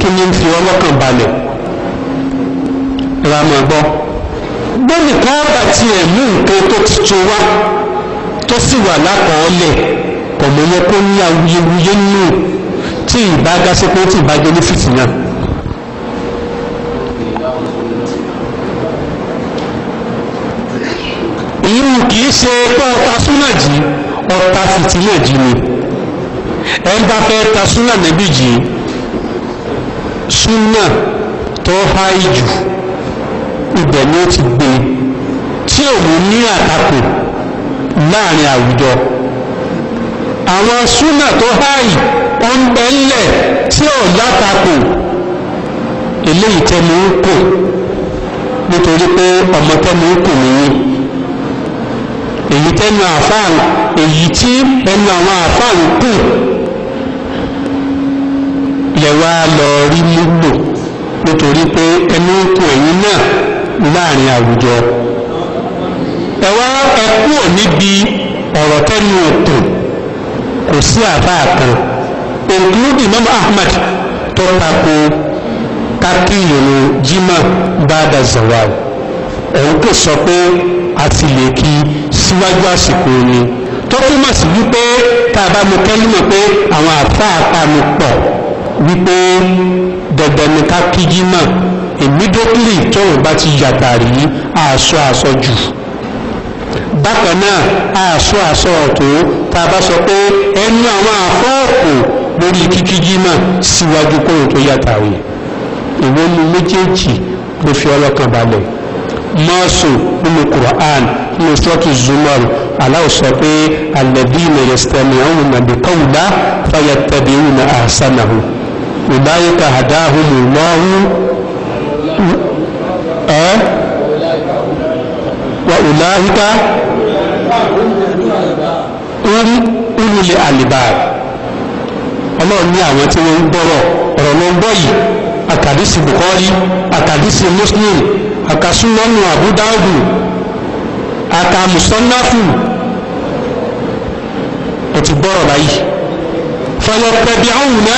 kí ni ń fi wọn lọ́kàn balẹ̀ ra máa gbọ́ gbẹ́nì kan bá tiẹ̀ mú nǹkan tó tuntun wá tó sì wà lákọọ́lẹ̀ kọ̀mọ́yẹ kó ní awuyewuye nù tí ìbá gásẹ́pẹ́ tí ìbá jẹ́ ní fìtì kì í ṣe pé ọta súnà jì ọta fìtílẹ̀ jì ni ẹ bá fẹ́ ta súnà nẹ́bí jì súnà tó háì jù ibẹ̀ ni ó ti gbé tí òun ní àtakò láàrin àwùjọ àwọn súnà tó háì ó ń ńlẹ̀ tí ò látakò eléyìí tẹnu ń kò nítorí pé ọmọ tẹnu ń kò nìyí èyí tẹ́nu àfáàn èyí tí ẹnu àwọn àfáàn kù lẹ́wà lọ rí múlò nítorí pé ẹnu kù ẹ̀yìn náà láàrin àwùjọ ẹwà ẹkú ò níbi ọ̀rọ̀ tẹ́nu òtò kò sí àfáà kan ògúnlódì Imam Ahmad tó tako kákìyàn jimá bá dà zawal òun kò sọ pé a ti lè kí síwájú àsìkò ni tó túmọ̀ sí wípé tá a bá mu kẹ́límọ̀ pé àwọn àfáà pa mi pọ̀ wípé dandan ni ká kíjí mọ̀ immediately tóun bá ti yàgbàrí àṣọ àṣọ jù bákan náà àṣọ àṣọ ọ̀tún tá a bá sọ pé ẹnu àwọn àfọ́ọ̀kù lórí kíkíjí mọ̀ síwájú kóun tó yàgbàrí ìwé nu méjèèjì ló fi ọlọ́kàn balẹ̀ mọ́ọ̀sù nínú Qur'an nínú sọ́tù Zumar Allah sọ pé alladhina yastami'una al-qawla fayattabi'una ahsanahu ulaika hadahumullahu ẹ́ wa ulaika ulul albab ọlọ́run ní àwọn tí wọ́n ń gbọ́rọ̀ ọ̀rọ̀ ló ń gbọ́ yìí àkàdísì Bukhari àkàdísì Muslim àkàsúnmọ́nù àbúdáwù àkàmùsọ́náfù ọ̀tí gbọ́rọ̀ báyìí fọyọ̀pẹ̀bí àwùná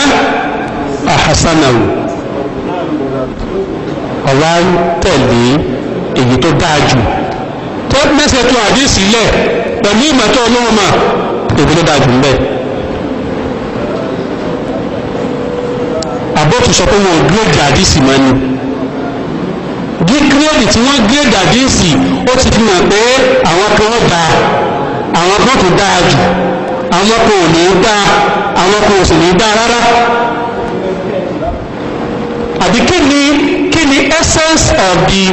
àhásánàwù ọ̀wá ń tẹ̀lé èyí tó dáa jù tó mẹ́sẹ̀ tó àdísì lẹ̀ pẹ̀lú ìmọ̀tọ́ ọlọ́ọ̀mà èyí tó dáa jù ń bẹ́ẹ̀. sọ pé wọn ò dúró jà àdísì mọ́ ni gíkírèdì tí wọ́n gé dàdíìsì ó ti fi hàn pé àwọn kan ó da àwọn kan kò dáa jù àwọn kan ò ní dá àwọn kan ò sì ní dá rárá àbí kí ni kí ni essence of the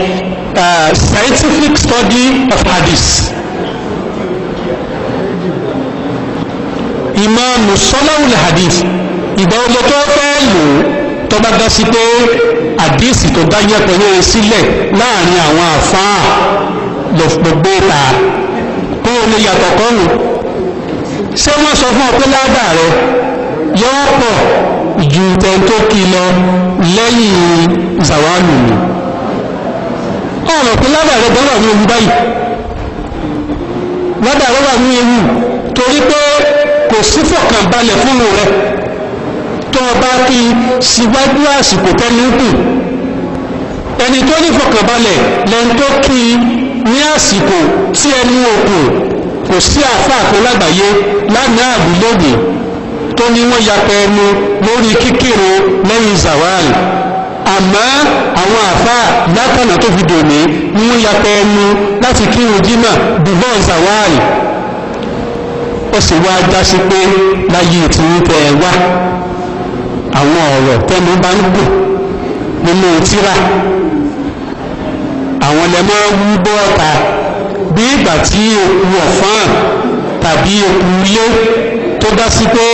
uh, scientific study of hadith ìmọ̀ mùsọ́láwùlẹ̀ hadith ìgbà ọmọ tó fẹ́ lò tó bá dá sí pé àdíìsì tó bá yẹ pẹ̀lú sílẹ̀ láàrin àwọn àfáà lọ́gbọ̀gbọ́ ta tó lè yàtọ̀ kọ́nù ṣé wọ́n sọ fún ọ pé ládà rẹ yọ pọ̀ ju tẹ́ńtó kí lọ lẹ́yìn zawalu ni ọ̀rọ̀ pé ládà rẹ gbọ́dọ̀ ní ewu báyìí ládà rẹ wà ní ewu torí pé kò sí fọ̀kànbalẹ̀ fún rẹ tó o síwájú àsìkò tẹ́lẹ̀kù ẹni tó ní fọkànbalẹ̀ lẹ́ni tó kí ní àsìkò tí ẹnu òkun kò sí àfáà kan lágbàáyé lánàá àbúlóògbé tó ní wọ́n yapẹ ẹnu lórí kíkèrò lẹ́yìn zawari àmọ́ àwọn àfáà látọ̀nà tó fi dòní ní wọ́n yapẹ ẹnu láti kírun jímà bùbọ́ zawari ó sì wá dá sí pé láyé tí wọ́n tẹ̀ wá àwọn ọ̀rọ̀ tẹ́nu bá ń gùn nínú tíra àwọn lè máa wú bọ́ọ̀ta bí ìgbà tí eku ọ̀fán tàbí eku ilé tó dá sí pé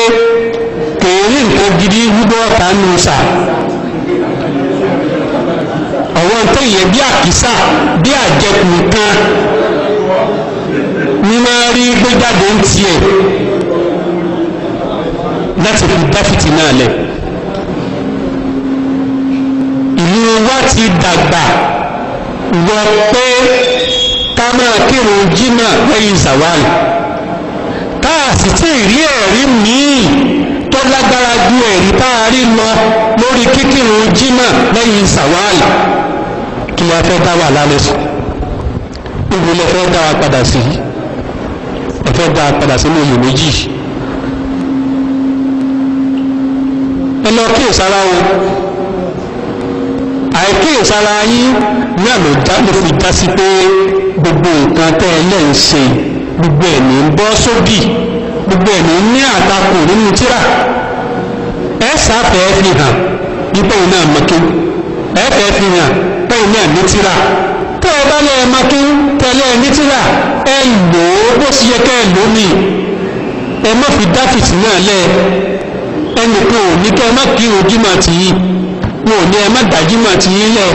kèérí nǹkan gidi wú bọ́ọ̀ta nù sà ọ̀wọ́ ń tẹ̀yẹ bí àkísà bí àjẹkù nǹkan ní máa rí gbéjáde ń tiẹ̀ láti fi dá náà lẹ̀. ti dàgbà wọ pé ká máa kírun jimá lẹ́yìn zawali táà sì tí ìrí ẹ̀rí míì tó lágbára ju ẹ̀rí táà rí lọ lórí kíkírun jimá lẹ́yìn zawali kí la fẹ́ dá wà lálẹ́ sùn níbo lẹ fẹ́ dá padà sí ẹ fẹ́ padà sí lóye méjì ẹ lọ kí ìsara o àìkíyèsára yín náà ló já ló fi já sí pé gbogbo nǹkan tẹ́ ẹ lẹ́ ń ṣe gbogbo ẹ̀ ní ń bọ́ sódì gbogbo ẹ̀ ní ní àtakò nínú tírà ẹ sáfẹ́ fi hàn nípa òun náà mọ́tò ẹ fẹ́ fi hàn pé òun náà ní tírà tẹ́ ẹ bá lẹ́ẹ̀ mọ́tò tẹ́lẹ̀ ní tírà ẹ lò ó bó ṣe yẹ kẹ́ ẹ lò ó nì ẹ má fi dáfìtì náà lẹ́ẹ̀ ẹnìkan ò ní kẹ́ ẹ má kí ojúmọ̀ tì wọn ò ní ẹ má dàjímọ̀ àti ilẹ̀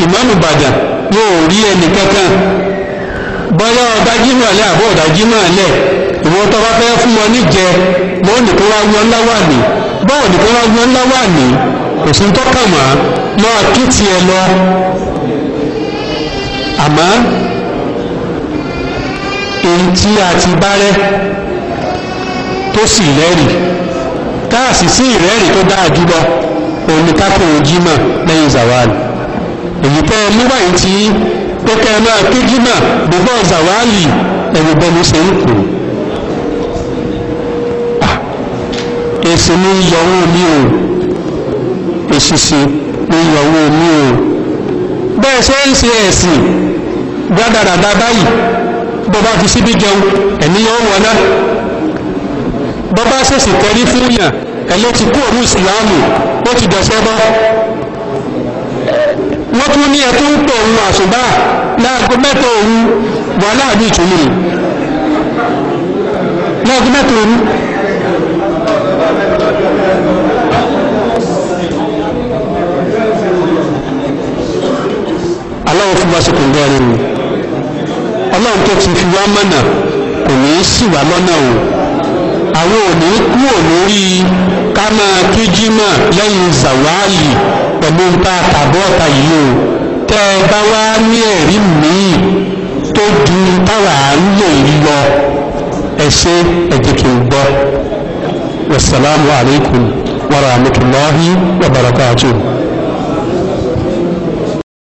wọn ò rí ẹnì kankan bọ́lá ọ̀dájímọ̀ alẹ́ àbọ̀ ọ̀dájímọ̀ alẹ́ ìwọ́n tó bá fẹ́ fún wọn níjẹ nìkan wá wọn láwà ní bọ́ọ̀ nìkan wá wọn láwà ní kò sí lọ àmọ́ èyí tí a ti bá oníkápò jimá lẹ́yìn zawal èyí tẹ́ níwà yìí tí pẹ́kẹ́ náà ké jimá bíbọ́ zawali ẹ̀rù bẹ́ni ṣe ń kù ah, èsì ní yọwọ́ mi o èsì sí ní yọwọ́ mi o bẹ́ẹ̀ ṣe ń ṣe ẹ̀sìn gbádàràdà báyìí bọ́bá fi síbí jẹun ẹ̀mí yọ wọná bọ́bá ṣèṣì tẹ́rí fún yàn ẹ̀lẹ́tì kú òun ìsìlámù ó ti dẹ̀sẹ̀ bọ́ wọ́n tún ní ẹkú ń pè òun àṣùbá láago mẹ́ta òun wà láàbí ìtùnú láago mẹ́ta òun aláwọ̀ fún wáṣẹ kò ń gbọ́ ọ́rẹ́ mi ọlọ́run tó ti fi wá mọ̀nà kò ní í sì wá lọ́nà o àwọn ò ní kúrò lórí ká máa kí jímà lẹ́yìn zawali pẹ̀lú nta tàbọ́ọ̀ta yìí o tẹ́ ẹ bá wá ní ẹ̀rí míì tó ju táwa ń lò lọ ẹ ṣe ẹ̀jẹ̀ kì í gbọ́ wasalaamu alaykum wa rahmatulahi